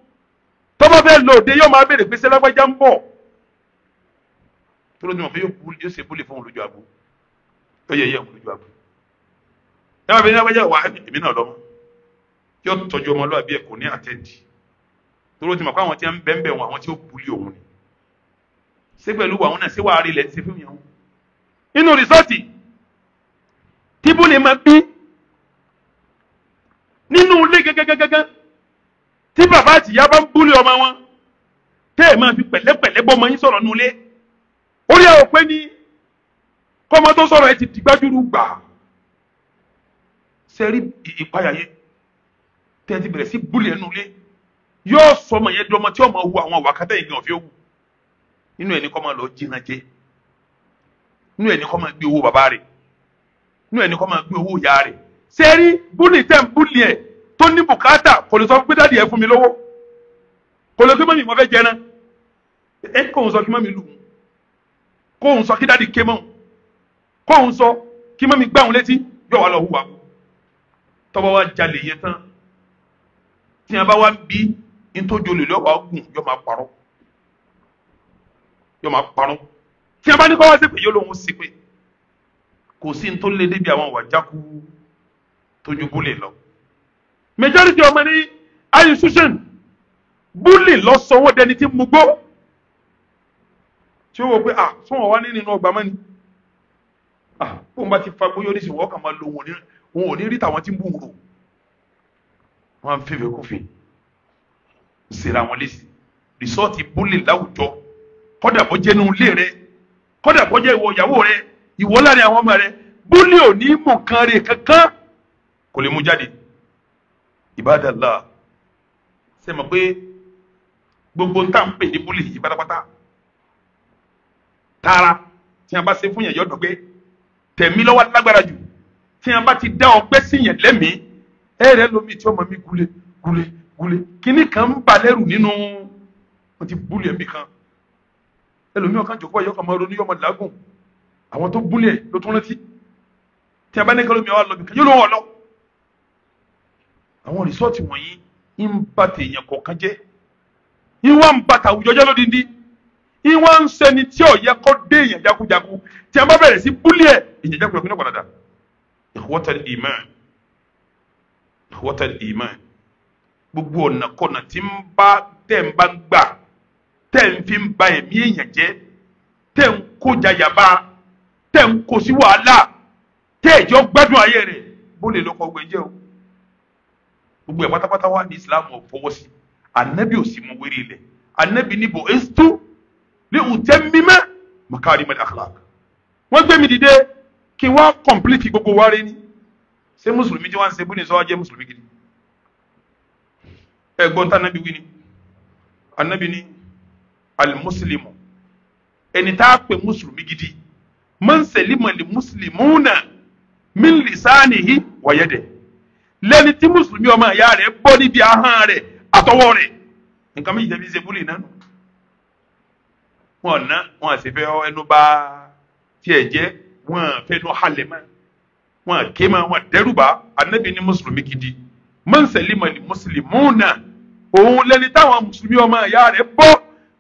Speaker 1: tọ́ba fẹ́ lò dé yóò máa béèrè pé sẹ́lágbájá ń bọ̀ tó ló ní mọ̀ pé yóò ṣe búlẹ̀ fún olójú abu ó yẹ yẹ olójú abu ẹ máa fi ní agbájá wà èmi náà lọ́mọ yóò tọ́jú ọmọlúwàbí ẹ̀ kò ní àtẹ́ǹdì tó ló ti mọ̀ pé àwọn tí ń bẹ́ńbẹ́ wọn àwọn tí ó búlẹ̀ òun ni ṣé pẹ̀lú àwọn náà ṣé wàá rí ilẹ̀ ń ṣe fún yẹn inú rìsọ́ọ̀tì tíbúlẹ̀ máa bí nínú ilé gẹ́gẹ́gẹ́gẹ́ tí bàbá àti ìyá bá ń búlé ọmọ wọn tẹ́ ẹ̀ máa fi pẹ̀lẹ́pẹ̀lẹ́ bọ́ ọmọ yín sọ̀rọ̀ nulẹ̀ orí ẹ̀ ò pé ní kọ́mọ tó sọ̀rọ̀ ẹ̀ ti dìgbàjúrú gbà sẹ́rí ìpayà yẹn tẹ́ ẹ ti bẹ̀rẹ̀ sí búlé ẹ̀ nulẹ̀ yóò sọ ọmọ yẹn di ọmọ tí ọmọ wu àwọn wákàtí yìí gan fi wù nínú ẹni kọ́ máa lọ jìnnà jẹ nínú ẹni kọ́ máa gbé owó bàbá rẹ̀ nínú ẹni kọ́ máa gbé owó ìyá rẹ̀ sẹ́rí búlì tẹ́ ń búlì ẹ̀ tó ní bùkátà kò lè sọ pé dáàdì ẹ fún mi lówó kò lè pé mọ́mí mo fẹ́ jẹran ẹ kóun sọ kí mọ́mí lù kóun sọ kí dáàdì ké mọ́ kóun sọ kí mọ́mí gbá òun létí yóò wá lọ hùwà kù wa jalè yẹn tán tí a bá wá bí ntójú olè lọ́wọ́ agùn yóò máa parọ́ yóò máa parọ́ tí a bá ní kọ́ wá sí pé yóò lóun sí pé kò sí ntó débi àwọn wàjáku tójú bólè lọ majority ọmọ ní high institution bully lọ sanwó dẹni tí mo gbó tí ó wọ pé ah fún wọn wá ní nínú ọgbà mọ́ni ah bóun bá ti fa gbóyó ní ìsìnwó ọkàn máa lo wọn ò ní rí tàwọn tí ń bù wúrò wọn ń fèfè kófin sèrè àwọn lẹ́sìn rìsọ́ọ̀tì bully láwùjọ kọ́dà bó jẹ́ nínú ilé rẹ kọ́dà bó jẹ́ ìwọ ìyàwó rẹ ìwọ láàrin àwọn ọmọ rẹ bully ò ní mú kan rè kankan kò lè mú jáde ìbádàlá ṣe mọ̀ pé gbogbo ń tà ń pè ní búlì yìí pátápátá tààrà tí a bá ṣe fún yẹn yọ dọ̀gbẹ́ tẹ̀mí lọ́wọ́ lágbára jù tí a bá ti dá ọgbẹ́ sí yẹn lẹ́mìí ẹ̀rẹ́ lomi tí ọmọ mi gúlé gúlé gúlé kíní kan ń bà lẹ́rù nínú wọn ti búlì ẹ̀mí kan ẹlòmíì ọ̀kan jòkó ẹ̀yọ́ kan máa ronú yọmọ làágùn àwọn tó búlì ẹ̀ ló tún rántí tí a bá ní kálómi ọ̀ lọ́bì kan yóò lọ́wọ́ lọ́wọ́ àwọn rìsọ́ọ̀tì wọ̀nyí ń bà tèèyàn kọ̀ọ̀kan jẹ́ ìwọ́n ń bà tàwùjọ jẹ́ lódindi ìwọ́n ń sẹni tí ò yẹ kó dé èèyàn jagunjagun tí a bá bẹ̀rẹ̀ sí búlí ẹ̀ èèyàn jagunjagun náà padà ìwọ́tẹ̀lì ìmán ìwọ́tẹ̀lì ìmán gbogbo ọ̀nà kọ̀nà tí ń bá tẹ̀ ń bá ń gbà tẹ̀ ń fi ń ba ẹ̀mí èèyàn jẹ́ tẹ̀ ń kó jayaba tẹ̀ ń kó sí wàhálà tẹ̀ ìjọ gbádùn ayé rẹ̀ bó lè lọ́kọ̀ jẹ́ o gbogbo ẹ̀ pátápátá wà ní islam ò fọwọ́ sí anabi ò sì mú wéré ilẹ̀ anabi ní bò estu ní ùtẹ́ mímẹ́ makarim al-akhlaq wọ́n gbé mi dìde kí n wá kọ̀mpilìtì gbogbo wárí ni ṣé mùsùlùmí tí wọ́n ń ṣe búni sọ́wọ́ jẹ́ mùsùlùmí gidi ẹ gbọ́n tá anabi wí ni anabi ní alimusilimu ẹni tá a pè mùsùlùmí gidi man salima li muslimuna min lisanihi wa lẹ́ni tí mùsùlùmí ọmọ ìyá rẹ̀ bọ́ níbi ahọ́n rẹ̀ àtọwọ́ rẹ̀ nǹkan méjì tẹ̀bi ṣe búlì náà wọn ná wọn sì fẹ́ ẹnu bá tiẹ̀ jẹ́ wọn fẹ́nu halẹ̀ mọ́ wọn ké mọ́ wọn dẹ́rùbà anabi ni mùsùlùmí gidi mọ́nsẹ̀límọ̀ ni mùsùlùmúnà òun lẹ́ni táwọn mùsùlùmí ọmọ ìyá rẹ̀ bọ́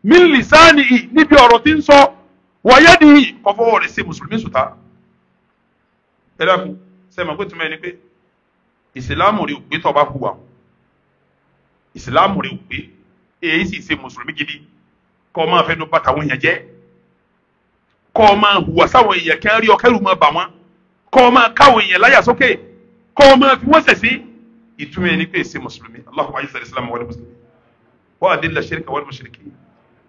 Speaker 1: mílísánì yìí níbi ọ̀rọ̀ tí ń sọ wọ́yẹ́dì yìí kọ́fọ́wọ́ rẹ̀ ṣe mùsùlùmí sùtá. ẹ dákun sẹ́mi àgbẹ̀tùmọ̀ ẹni pé ìsìláàmù rẹ ò pé tó bá hùwà ìsìláàmù rẹ ò pé èyí sì ṣe mùsùlùmí gidi kọ́ ọ máa fẹ́ nu bàtà àwọn èèyàn jẹ́ kọ́ ọ máa hùwà sáwọn èèyàn kẹ́ rí ọkẹ́rù máa bà wọ́n kọ́ ọ máa káwọn èèyàn láyà sókè kọ́ ọ máa fi wọ́n sẹ̀sí ìtumọ̀ ẹni pé èsì mùsùlùmí Allahu azza islam wal muslimin wa adilla shirka wal mushrikin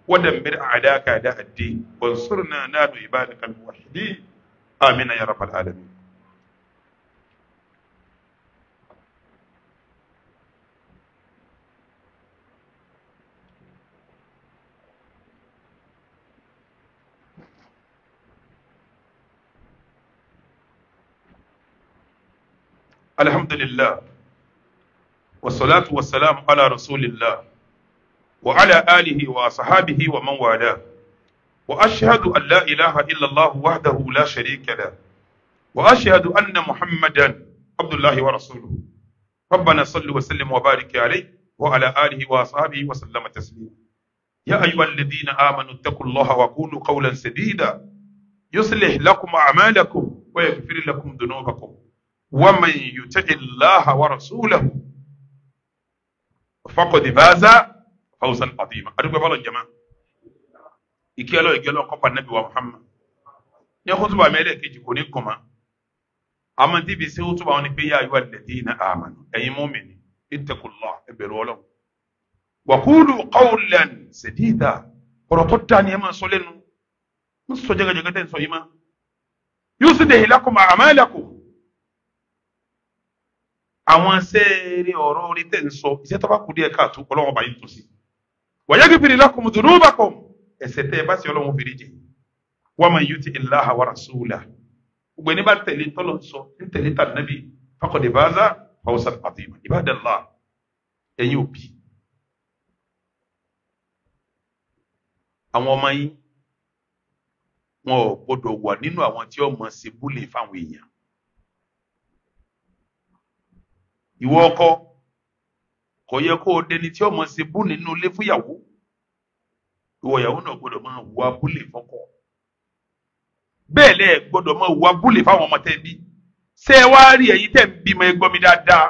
Speaker 1: wa dammir a'daka a'da ad-din wansurna nahnu ibadaka al-muwahhidin amina ya rabbal alamin الحمد لله والصلاة والسلام على رسول الله وعلى آله وصحابه ومن والاه وأشهد أن لا إله إلا الله وحده لا شريك له وأشهد أن محمدا عبد الله ورسوله ربنا صل وسلم وبارك عليه وعلى آله وصحبه وسلم تسليما يا أيها الذين آمنوا اتقوا الله وقولوا قولا سديدا يصلح لكم أعمالكم ويغفر لكم ذنوبكم ومن يطع الله ورسوله فقد فاز فوزا عظيما ادوبه فلان جماعه ikelo ikelo ko pan nabi wa muhammad ni khutba mele keji kò ní koma ama ti bi se khutba oni pe ya ayu alladina amanu ẹ̀yin mu'mini ittaqullah ìbẹ̀rù Ọlọ́hun wa qulu qawlan sadida ọ̀rọ̀ tó dáa ni ẹ máa sọ lẹ́nu ń sọ jẹgẹjẹgẹ tẹ́ ń sọ yìí má yuslih lakum a'malakum àwọn sẹ́ẹ̀rẹ̀ ọ̀rọ̀ orí tẹ̀ ń sọ iṣẹ́ tó bá kú díẹ̀ káàtó ọlọ́wọ́n bá yín tó sí. wayaghfir lakum dhunubakum ẹ̀ṣẹ̀ tẹ́ ẹ bá sì ọlọ́wọ́n fèrè jẹ wa man yuti illaha wa rasulahu gbogbo ẹni bá tẹ̀lé tọ́lọ̀ sọ ń tẹ̀lé tà nàbì faqad baza fawzan azima ibadallah ẹ̀yin òbí. àwọn ọmọ yín wọn gbọdọ̀ wà nínú àwọn tí ọmọ ìwọ ọkọ kò yẹ kó o dẹni tí ọmọ ṣe bú nínú ilé fúyàwó ìwọ ìyàwó náà gbọ́dọ̀ máa wù abúlé fọ́kọ bẹ́ẹ̀ lẹ gbọ́dọ̀ máa wù abúlé fáwọn ọmọ tẹ́ bí ṣé ẹ wá rí ẹ̀yin tẹ́ ń bímọ ẹ gbọ́ dáadáa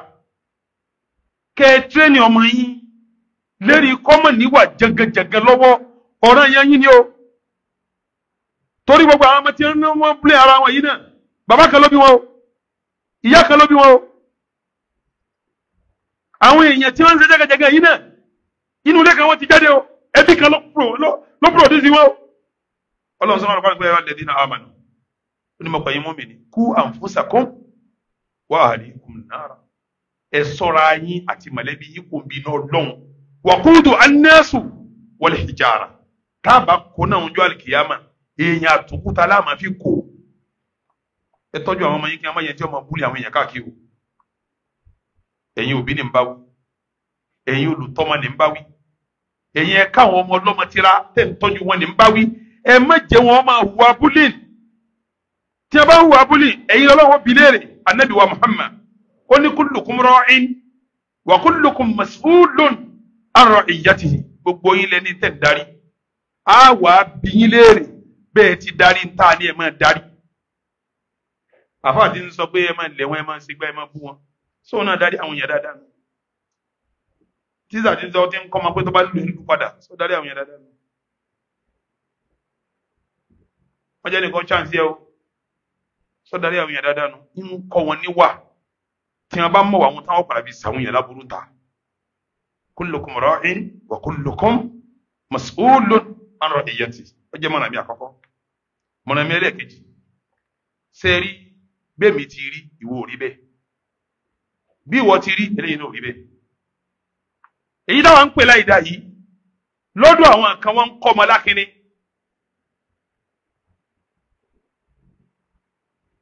Speaker 1: kẹ ẹ tírẹ́nì ọmọ yín lérí kọ́mọ̀ níwà jẹgẹjẹgẹ lọ́wọ́ ọ̀ràn yẹn yín ni o torí gbogbo àwọn ọmọ tí wọ́n bílẹ̀ ara wọn yìí náà bàbá kan ló bí wọn o ìyá kan ló bí wọn o àwọn èèyàn tí wọ́n ń ṣe jẹ́gẹ́jẹ́gẹ́ yìí náà inú ilé kan wọ́n ti jáde o ẹbí kan ló pòròdúsì wọn o ọlọ́run sọ́nà ọ̀rọ̀ pé ẹ̀rọ lẹ́dí náà àmàlà onímọ̀pẹ̀ yín mọ́mìnì kú àǹfọ̀sàkún wà á rí ikùn náà ẹ sọ́ra yín àti mọ̀lẹ́bí yín kò bí náà lọ́hùn wàkúndùn anẹ́sù wọlé ìjàrà táàbà kó náà ń jọ àlìkìyàmà èèyàn àtúkúta láàmà fi kó ẹ tọ́jú àwọn ọmọ yín kí wọ́n má yẹn tí wọ́n máa búlẹ̀ àwọn èèyàn káàkiri ẹ̀yin òbí ni ń bá wí ẹ̀yin olùtọ́mọ ni ń bá wí ẹ̀yin ẹ àwọn ọmọ ọlọ́mọ tira tẹ̀ ń tọ́jú wọn ni ń bá wí ẹ má jẹ́ wọn máa hu abúlé tí a bá hu abúlé ẹ̀yin ọlọ́wọ́ bi anabi wa muhammad ó ní kullukum ra'in wa kullukum mas'ulun an ra'iyatihi gbogbo yín lẹni tẹ̀ ń darí á wàá bi yín léèrè bẹ́ẹ̀ ti darí ń ta ni ẹ máa darí àfáà ti ń sọ pé ẹ máa lẹ̀ wọ́n ẹ máa ń ṣe ẹ máa bú wọn sóun náà dárí àwọn èèyàn dáadáa nù tíṣà tí sọ ti ń kọ́ ọmọ pé tó bá lù ú padà sóun dárí àwọn èèyàn dáadáa nù wọ́n jẹ́ nìkan chance yẹ o sóun dárí àwọn èèyàn dáadáa nù ń kọ́ wọn níwà tí wọ́n bá mọ̀ wà wọn táwọn padà fi sàwọn èèyàn láburú ta kullukum ra'in wa kullukum mas'ulun o ra'iyati ó jẹ́ mọ̀nàmí àkọ́kọ́ mọ̀nàmí ẹlẹ́ẹ̀kejì sẹ́ẹ̀rí bẹ́ẹ̀ mi ti rí ìwọ ò rí bẹ́ẹ̀ bí ìwọ ti rí eléyìí náà rí bẹ́ẹ̀ èyí táwọn ń pè láìda yìí lọ́dọ̀ àwọn kan wọ́n ń kọ́ ọmọ lákínní.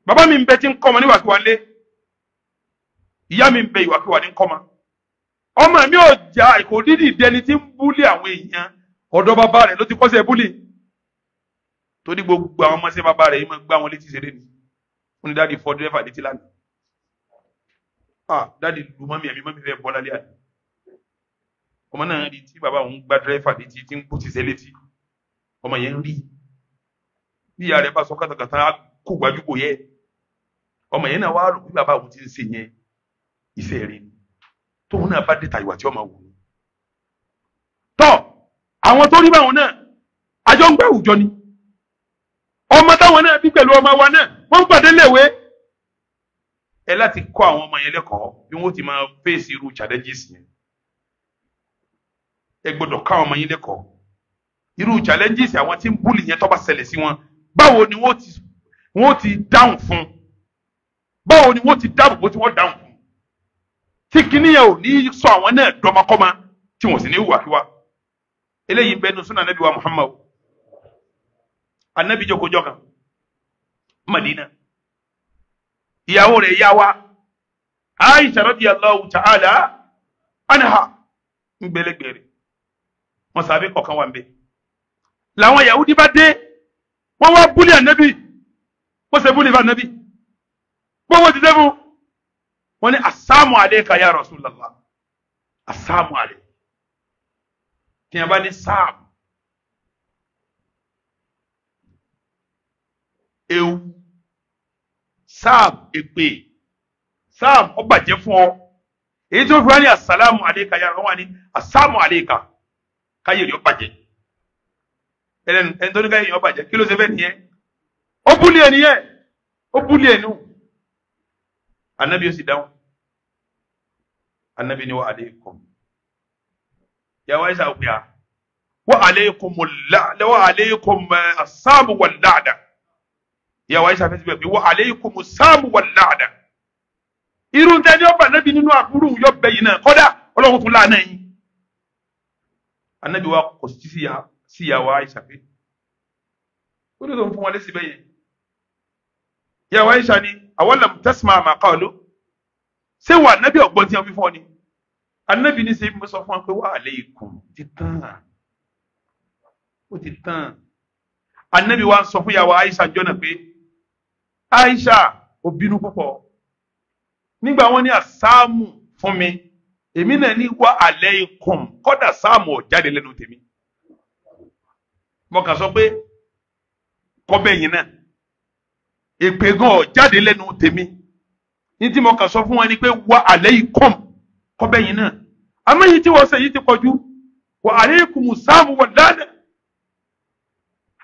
Speaker 1: bàbá mi ń bẹ tí ń kọ́ ọmọ níwàkiwà ńlé ìyá mi ń bẹ ìwàkiwà ní kọ́mọ ọmọ mi ò já ìkò dídì dẹni tí ń búlì àwọn èèyàn ọ̀dọ̀ bàbá rẹ̀ ló ti kọ́sẹ̀ búlì torí gbogbo àwọn ọmọ sí bàbá rẹ̀ yìí máa gbá wọn létí ṣeré ni ó ní dáàdi létí lánàá ah dáàdi lu mọ́mí ẹ̀mí mọ́mí fẹ́ bọ́ lálẹ́ àná ọmọ náà rí tí bàbá òun gba dírẹ́fà létí tí ń kú ti sẹ́lẹ̀ tí ọmọ yẹn ń rí bí ìyá rẹ̀ bá sọ kàtàkàtà kó gbajúgbò yẹ ọmọ yẹn náà wá rò bí bàbá òun ti ń ṣe yẹn ìfẹ́ rẹ̀ ni tóun náà bá dé tàyíwá tí ọmọ wò ni. tọ́ àwọn tó rí báwọn náà àjọ ń gbà àwùjọ ni ọmọ táwọn náà bí pẹ̀lú ọmọ wa náà wọ́n ń pàdé léèwé ẹ láti kọ́ àwọn ọmọ yẹn lẹ́kọ̀ọ́ bí wọ́n ti máa fèsì irú challenges yẹn ẹ gbọ́dọ̀ kọ́ àwọn ọmọ yẹn lẹ́kọ̀ọ́ irú challenges àwọn tí ń búlì yẹn tó bá ṣẹlẹ̀ sí wọn báwo ni wọ́n ti wọ́n ti dáhùn fún báwo ni wọ́n ti dáàbò bó ti wọ́n dáhùn fún tí kinní yẹn ò ní sọ àwọn náà dọmọkọ́mọ tí wọ́n sì ní wàkíwá eléyìí bẹ́ẹ̀ ni sunan anabi wa Muhammad anabi kan Madina ìyàwó rẹ̀ yá wa Aisha radiyallahu ta'ala anha ń gbẹlẹgbẹrẹ wọn sàbí kọ̀ọ̀kan wà ń bẹ làwọn Yahudi bá dé wọn wá búlì ànábì wọn ṣe búlì bá ànábì gbogbo ti dẹ́bu wọn ní asáàmù alayka ya Rasulullah asáàmù alẹ́ tí wọn bá ní ewu sam èpè sam ó bàjẹ́ fún ọ èyí tí ó fi wá ní asàlámù àléka yàrá wọn wà ní asàmù àléka káyé rí ó bàjẹ́ ẹlẹ́nu ẹni tó ní káyé rí ó bàjẹ́ kí ló ṣe fẹ́ nìyẹn ó búlé ẹni yẹn ó búlé ẹnu anabi ó sì dáhùn anabi ni wa aleikum yàwá ẹ̀ṣà òkè à wa aleikum lẹ́wọ̀ aleikum asàmù wà láàdà ìyàwó àyíṣà fẹsẹ̀ bẹ́ẹ̀ wọ alaykumu sáàmù wà láàdà irú ń tẹni ọba anabi nínú àbúrò yọ bẹ yìí náà kódà Ọlọ́run tún láàánà yín anabi wa kò sí sí ìyàwó àyíṣà pé ó lè tó ń fún wọn lẹ́sìn bẹ́yẹn ìyàwó àyíṣà ni awalam tasma ma qalu ṣé wà anabi ọ̀gbọ́n tí wọ́n fi fún ọ ni anabi ní sẹ́yìn mo sọ fún wa alaykum ti tán ó anabi wa sọ fún ìyàwó àyíṣà jọ́nà pé. Aisha ó bínú púpọ̀ nígbà wọn ní àsáàmù fún mi èmi náà ní wá alẹ́ ikùn kọ́dà sáàmù ò jáde lẹ́nu tèmi mo kàn sọ pé kọ́bẹ̀ yìí náà èpè gan ò jáde lẹ́nu tèmi ní tí mo kàn sọ fún wọn ni pé wá alẹ́ ikùn kọ́bẹ̀ yìí náà àmọ́ yìí tí wọ́n sẹ́ yìí ti pọ̀jù wà alẹ́ ikùn sáàmù wọ̀ dáadáa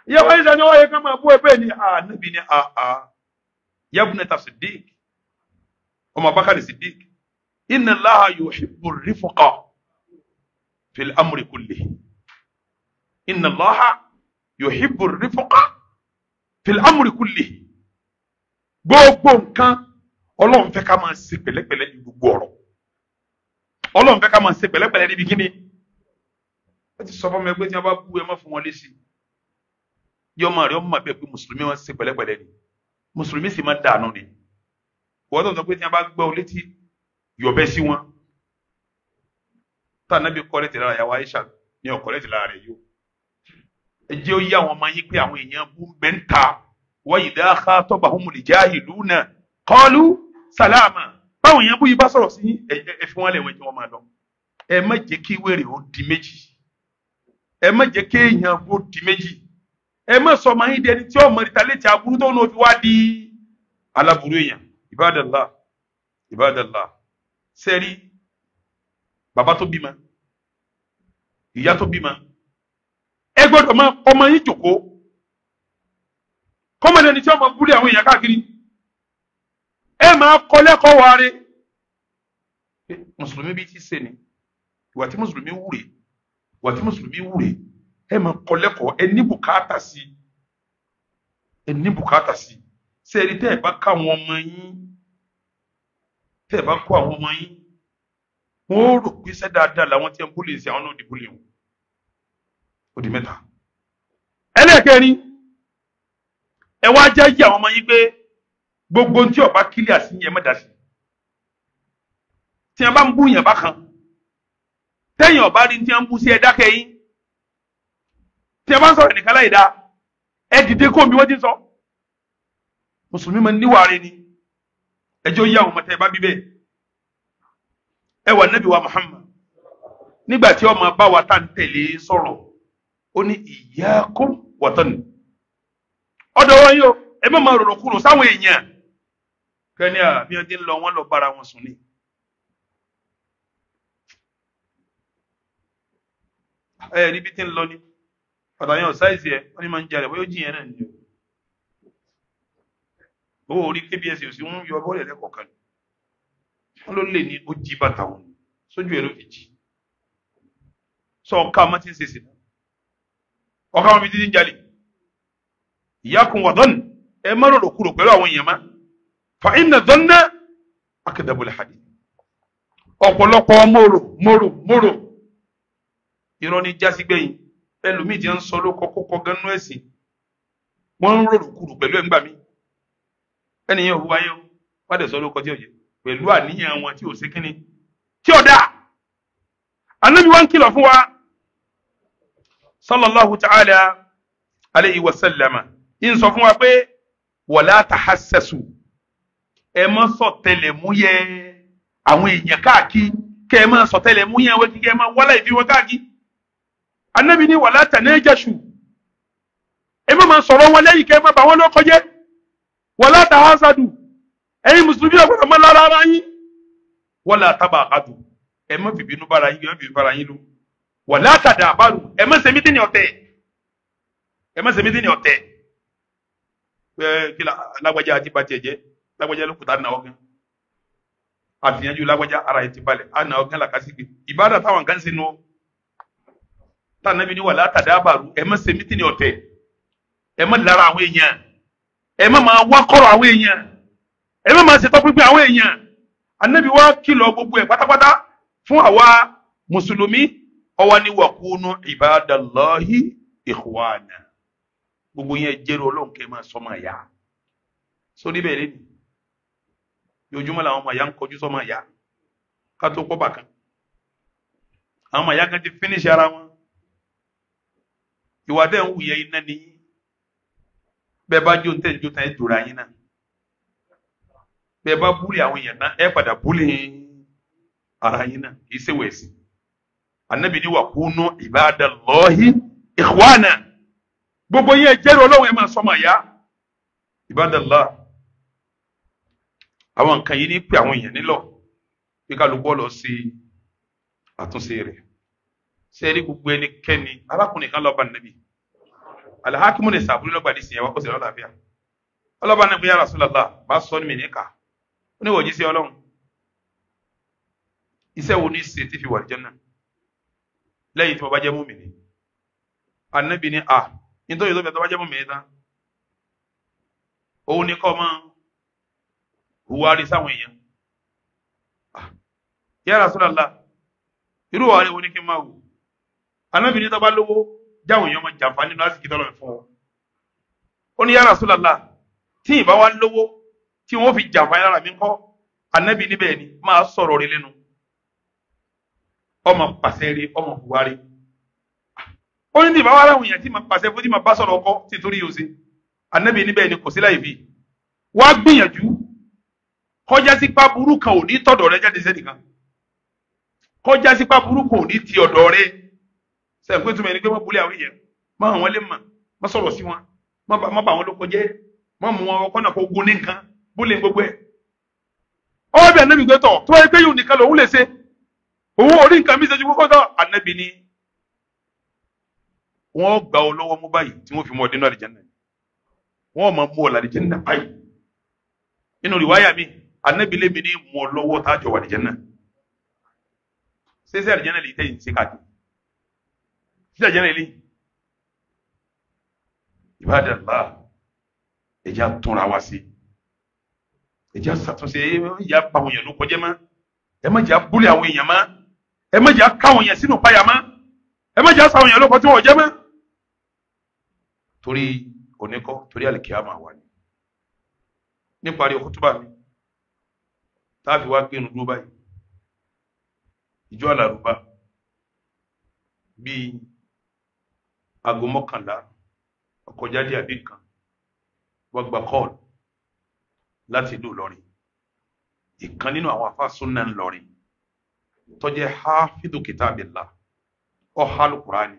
Speaker 1: ìyàwó ayélujára ni wọ́n yẹ ká máa bú ẹ bẹ́ẹ̀ ni ànábì ni àá yabunata sidik ọmọ abakari sidik inna laha yuhibbu rifaqa fil amri kulli inna laha yuhibbu rifaqa fil amri kulli gbogbo nǹkan ọlọ́run fẹ́ ká máa ṣe pẹ̀lẹ́pẹ̀lẹ́ ní gbogbo ọ̀rọ̀ ọlọ́run fẹ́ ká máa ṣe pẹ̀lẹ́pẹ̀lẹ́ níbi kíni ó ti sọ fún mi pé tí wọ́n bá bú ẹ má fún wọn lé sí i yọ́ọ́ máa rí ọmọ bẹ́ẹ̀ pé mùsùlùmí wọn ṣe pẹ̀lẹ́pẹ̀lẹ́ ni mùsùlùmí sì máa dànù ni wọ́n tó ń sọ pé tí wọ́n bá gbọ́ létí yọ̀bẹ sí wọn tá ànábì kọ́ létí lára yàwá Aisha ni ọkọ̀ létí lára rẹ̀ yóò ẹ jẹ́ ó yí àwọn ọmọ yín pé àwọn èèyàn bú bẹ́ ń ta wa idha khatabahumul jahiluna qalu salama báwọn èèyàn bú yín bá sọ̀rọ̀ sí ẹ fi wọn lẹ̀ wọ́n jẹ́ wọn máa lọ ẹ má jẹ́ kí wèrè ó di méjì ẹ má jẹ́ kí èèyàn ó di méjì ẹ má sọ ọmọ yín di ẹni tí ọmọ ìtàlẹ́tì aburú tó ń lò fi wá di aláburú èèyàn ìbádàlá ìbádàlá sẹ́rí bàbá tó bímọ ìyá tó bímọ ẹ gbọ́dọ̀ máa ọmọ yín jòkó kọ́mọdé ni tí ọmọ búlẹ̀ àwọn èèyàn káàkiri ẹ máa kọ́ lẹ́kọ̀ọ́ wa rẹ mùsùlùmí bíi ti sè ni ìwà tí mùsùlùmí wúre ìwà tí mùsùlùmí wúre ẹ máa kọ́ lẹ́kọ̀ọ́ ẹ ní bùkátà sí ẹ ní bùkátà sí sẹ́ẹ̀rí tẹ́ ẹ bá ká àwọn ọmọ yín tẹ́ ẹ bá kó àwọn ọmọ yín wọ́n ó rò pé dáadáa làwọn tí ẹ ń búlẹ̀ sí di búlẹ̀ wọn ó di mẹ́ta ẹlẹ́ẹ̀kẹrin ẹ wá jẹ́ yí àwọn ọmọ yín pé gbogbo tí ọba kílíà sí yẹn mẹ́ta sí tí wọn bá ń bú yẹn bá kan tẹ́yìn ọba rí tí ń bú sí ẹ dákẹ́ tí ẹ bá ń sọ̀rọ̀ nìkan láì dáa ẹ dìde kó omi wọ́n ti sọ mùsùlùmí máa ń níwàárẹ̀ ni ẹjọ́ yí àwọn ọmọ tẹ́ ẹ bá bí bẹ́ẹ̀ ẹ wà nábì wa Muhammad nígbà tí ọmọ bá wa tá à ń tẹ̀lé sọ̀rọ̀ ó ní iyyakum wa tann ọ̀dọ̀ wọn yóò ẹ má máa rọ̀rọ̀ kúrò sáwọn èèyàn kẹ́ni àbí ọdún lọ wọ́n lọ bára wọn sùn ni. ẹ ẹ níbi ń lọ ni bàtà yẹn ò sáìsì ẹ wọn ni máa ń jalè bóyá ó jìyàn náà nìyẹn owó orí kbs ò sí ń yọ bọ́ọ̀lù ẹ̀lẹ́kọ̀ọ́ kan wọn ló lè ní ó jí bàtà wọn sójú ẹ ló fi jí sọ ọ̀ka ọmọ tí ń ṣe sìn ọ̀ka ọmọ fi ti ń jalè ìyá wà dọ́nù ẹ má rò kúrò pẹ̀lú àwọn èèyàn má fa iná dọ́nà akédàbọ̀lì hadi ọ̀pọ̀lọpọ̀ mòrò mòrò mòrò irọ́ ní jásígbẹ́yìn ẹlòmíì ti ń sọ lóko kókó ganu ẹ̀sìn wọ́n ń rorùkùrù pẹ̀lú ẹ̀ngbà mi ẹnìyẹn òwú ayé wọ́n dẹ̀ sọ lóko tí ò jẹ pẹ̀lú àníyàn wọn tí ò sí kínní tí ò dáa anabi wa ń fún wa sallallahu ta'ala alayhi wa sallama ń sọ fún wa pé wala tahassasu ẹ má sọ̀tẹlẹ̀múyẹ́ àwọn èèyàn káàkiri kẹ́ ẹ má sọ̀tẹlẹ̀múyẹ́ wẹ́kí kẹ́ ẹ má wọ́lá ìfi wọn káàkiri anabi ní wàlá tànẹ́jẹ̀sù ẹ má máa sọ̀rọ̀ wọn lẹ́yìn kẹ́ ẹ má bà wọ́n lọ́kọ jẹ́ wàlá tàhásádù ẹ̀yin mùsùlùmí ọ̀gbọ̀dọ̀ mọ́ lára ara yín wàlá tàbàkàdù ẹ má bìbínú bára yín ẹ má bìbínú bára yín lò wàlá tàdàbàrù ẹ má ṣe mítínì ọ̀tẹ̀ ẹ má ṣe mítínì ọ̀tẹ̀ ẹ kí lágbájá àti bàtì ẹ̀jẹ̀ lágbájá ló kùtà náà ọ̀gán àfihàn ju lágbájá ara ẹ̀ ti balẹ̀ á náà ọ̀gán làkàsígbè ìbára táwọn kan ń sinú tànàbí ni wà látàdábàrú ẹ má ṣe mítìnì ọ̀tẹ̀ ẹ má lára àwọn èèyàn ẹ má máa wá kọ́rọ̀ àwọn èèyàn ẹ má máa ṣètọ́ pípẹ́ àwọn èèyàn ànábì wa kìlọ̀ gbogbo ẹ̀ pátápátá fún àwa mùsùlùmí ó wá ní wàkúnú ìbádàlọ́hì ìhùwànà gbogbo yẹn jẹ́rú ọlọ́run kẹ́ máa sọ́mọ ẹ̀yà sórí bẹ́ẹ̀ lẹ́nu yojúmọ́ làwọn ọmọ ẹ̀yà ń kọjú sọ́mọ ẹ̀yà ká tó pọ́ bàkan àwọn ọmọ ẹ̀yà kan ti fínísì ara wọn ìwà tẹ̀ ń wù yẹ iná nìyí bẹ́ẹ̀ bá jó tẹ̀ ń jó tán ẹ̀ jòrò àyín náà bẹ́ẹ̀ bá búlì àwọn èèyàn náà ẹ̀ padà búlì ara yín náà kì í ṣe wẹ̀sì anabi ni wà kúnú ibadallahi ikhwana gbogbo yẹn jẹ́rìí ọlọ́run ẹ̀ máa sọ ma ya ibadallah àwọn nǹkan yìí ní pé àwọn èèyàn nílọ bí kálukú lọ sí àtúnṣe rẹ̀ sẹ́rí gbogbo ẹnikẹ́ni arákùnrin kan lọ́ba nàbí alihakimu ní sàbúrú lọ́gbà ní sìn yẹn wá kó sì lọ́la bíà ọlọ́ba nàbí ya Rasulullah bá sọ ní mìíràn ká ó ní wòjí sí ọlọ́run iṣẹ́ wo ní ṣe tí fi wà ní Janna lẹ́yìn tí mo bá jẹ́ mùmínì anabi ni a nítorí tó bẹ̀ tó bá jẹ́ mùmínì tán òun ni kọ́ ọ máa sáwọn èèyàn ya Rasulullah irú wa ni kí n máa wù alábìnrin tó bá lówó jáwọn èèyàn máa jàǹfà nínú àsìkí tọ́lọ̀ fún ọ. ó ní ya Rasulullah tí ìbá wa lówó tí wọ́n fi jàǹfà yàrá mi kọ́ anábì níbẹ̀ ni máa sọ̀rọ̀ rí lẹ́nu ọmọ pàṣẹ rí ọmọ hùwà rí. ó ní ìbá wa láwọn èèyàn tí máa pàṣẹ fún tí máa bá sọ̀rọ̀ ọkọ tí torí yóò ṣe anábì níbẹ̀ ni kò sí láì fi wá gbìyànjú kọjá sí pa burú kan tọ̀dọ̀ rẹ jáde sẹ́nìkan kọjá sí pa burú kan ti ọ̀dọ̀ rẹ sẹ́yìn pé túmọ̀ ẹni pé wọ́n bulẹ̀ àwọn èèyàn má hàn wọ́n lé mà má sọ̀rọ̀ sí wọn má bà wọn lóko jẹ́ má mú wọn ọkọ náà kó gun ní nǹkan bulẹ̀ gbogbo ẹ̀. ọwọ́ bí anabi gbé tọ̀ tó wáyé pé yóò nìkan lòun lè ṣe òun orí nǹkan mi ṣẹ́jú kókó tọ́ anabi ni wọ́n gbà o lọ́wọ́ mú báyìí tí wọ́n fi mú ọ dénú àlìjẹ́nà wọ́n máa mú ọ làlìjẹ́nà báyìí nínú rìwáyà mi anabi lé mi ní mú ọ lọ́wọ́ tájọ wà àlìjẹ́nà ṣé ṣé àlìjẹ́nà lè tẹ̀yìn ṣe káàkiri sílẹ̀ jẹ́ nílé ìbádàlá ẹ̀já túnra wá sí ẹ̀já ṣàtúnṣe ẹ̀já pa àwọn èèyàn ló kọjá mọ́ ẹ má jà búlẹ̀ àwọn èèyàn mọ́ ẹ má jà ká àwọn èèyàn sínú páyà mọ́ ẹ má jà sàwọn èèyàn ló kọ tí wọ́n torí oníkọ́ torí àlìkíyàmá wà ní níparí ọkùtúbà mi táàfi wá gbénu dúró báyìí ìjọ àlàrúbá bíi aago mọ́kànlá ọkọjáde àbí kan wọ́n gba kọ́ọ̀lù láti ìlú Ìlọrin ìkan nínú àwọn àfa súnà ńlọrin tó jẹ́ hafidu kitabillah ọ̀hálù kùránì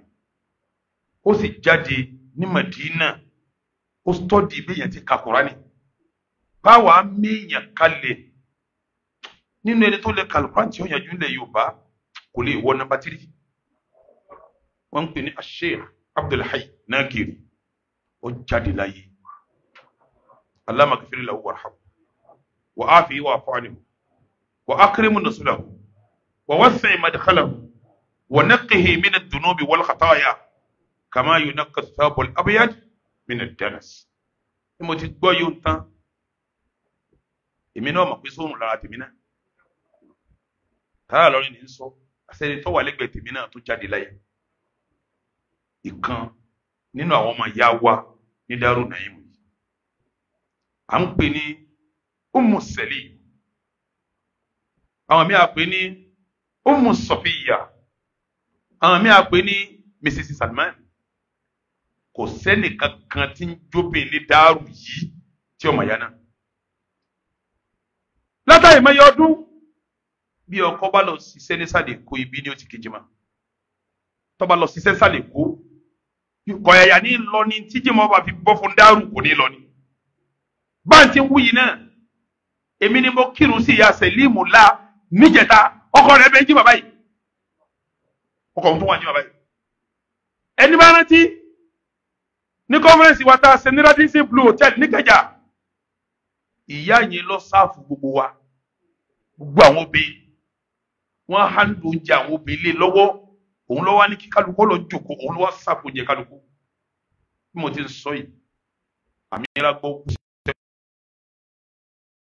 Speaker 1: ó sì jáde ní Madina ó stọ́dì béèyàn ti ka kùránì báwa méèyàn kalẹ̀ nínú ẹni tó lè ka kùránì tí ó yànjú ilẹ̀ Yorùbá kò lè wọ nọ́mbà wọ́n ń pè ní asheikh abdulhayi nakiri ó jáde láyé alámàkífìrí làwọn wàhámù wà á fi wà fọ́ọ̀nìmù wà á kírímù nàṣúlàmù wà wá sẹ́yìn madìkálàmù wà nàkìhì mìnà dùnúbi wọ́n kàtáyà kàmá abiyad mìnà dẹ́nẹ̀s. ni mo ti gbọ́ yóò tán èmi náà mọ̀ pé sóòrùn lára tèmi náà tààrà lọ́rin ní sọ àṣẹ ẹni tó wà lẹ́gbẹ̀ẹ́ tèmi náà jáde láyé ìkan nínú àwọn ọmọ ìyá wa ní Daaru Naim yìí à ń pè ní Ummu Salim àwọn míì à pè ní Ummu Sofiya àwọn míì à pè ní Mrs Salman kò sẹ́nì kankan tí ń jóbìn ní Daaru yìí tí ọmọ ìyá náà látàrí mẹ́yẹ ọdún bí ọkọ bá lọ ṣiṣẹ́ ní sàlẹ̀ kó ibi ní ó ti kejì mọ́ tọ́ lọ ṣiṣẹ́ sàlẹ̀ kó kọ̀yàyà ní lọ ní títí mọ́ bá fi bọ́ fún dárú kò ní lọ ní. báńtí ń wúyì náà èmi ni mo kírun sí ìyá sẹ́líìmù la níjẹta ọkọ rẹ bẹ jí bàbá yìí ọkọ òun fún wa jí bàbá yìí. ẹni bá rántí ní wa ta ṣe ní Radisson Blue Hotel níkẹjà ìyá yẹn lọ sáàfù gbogbo wa gbogbo àwọn obìnrin wọn á hàn lóúnjẹ àwọn obìnrin lé lọ́wọ́ òun lọ wá ní kí kálukú ọlọ jòkó òun lọ wá sàpò jẹ kálukú bí mo ti ń sọ yìí àmì ìlà gbọ́ kú sí.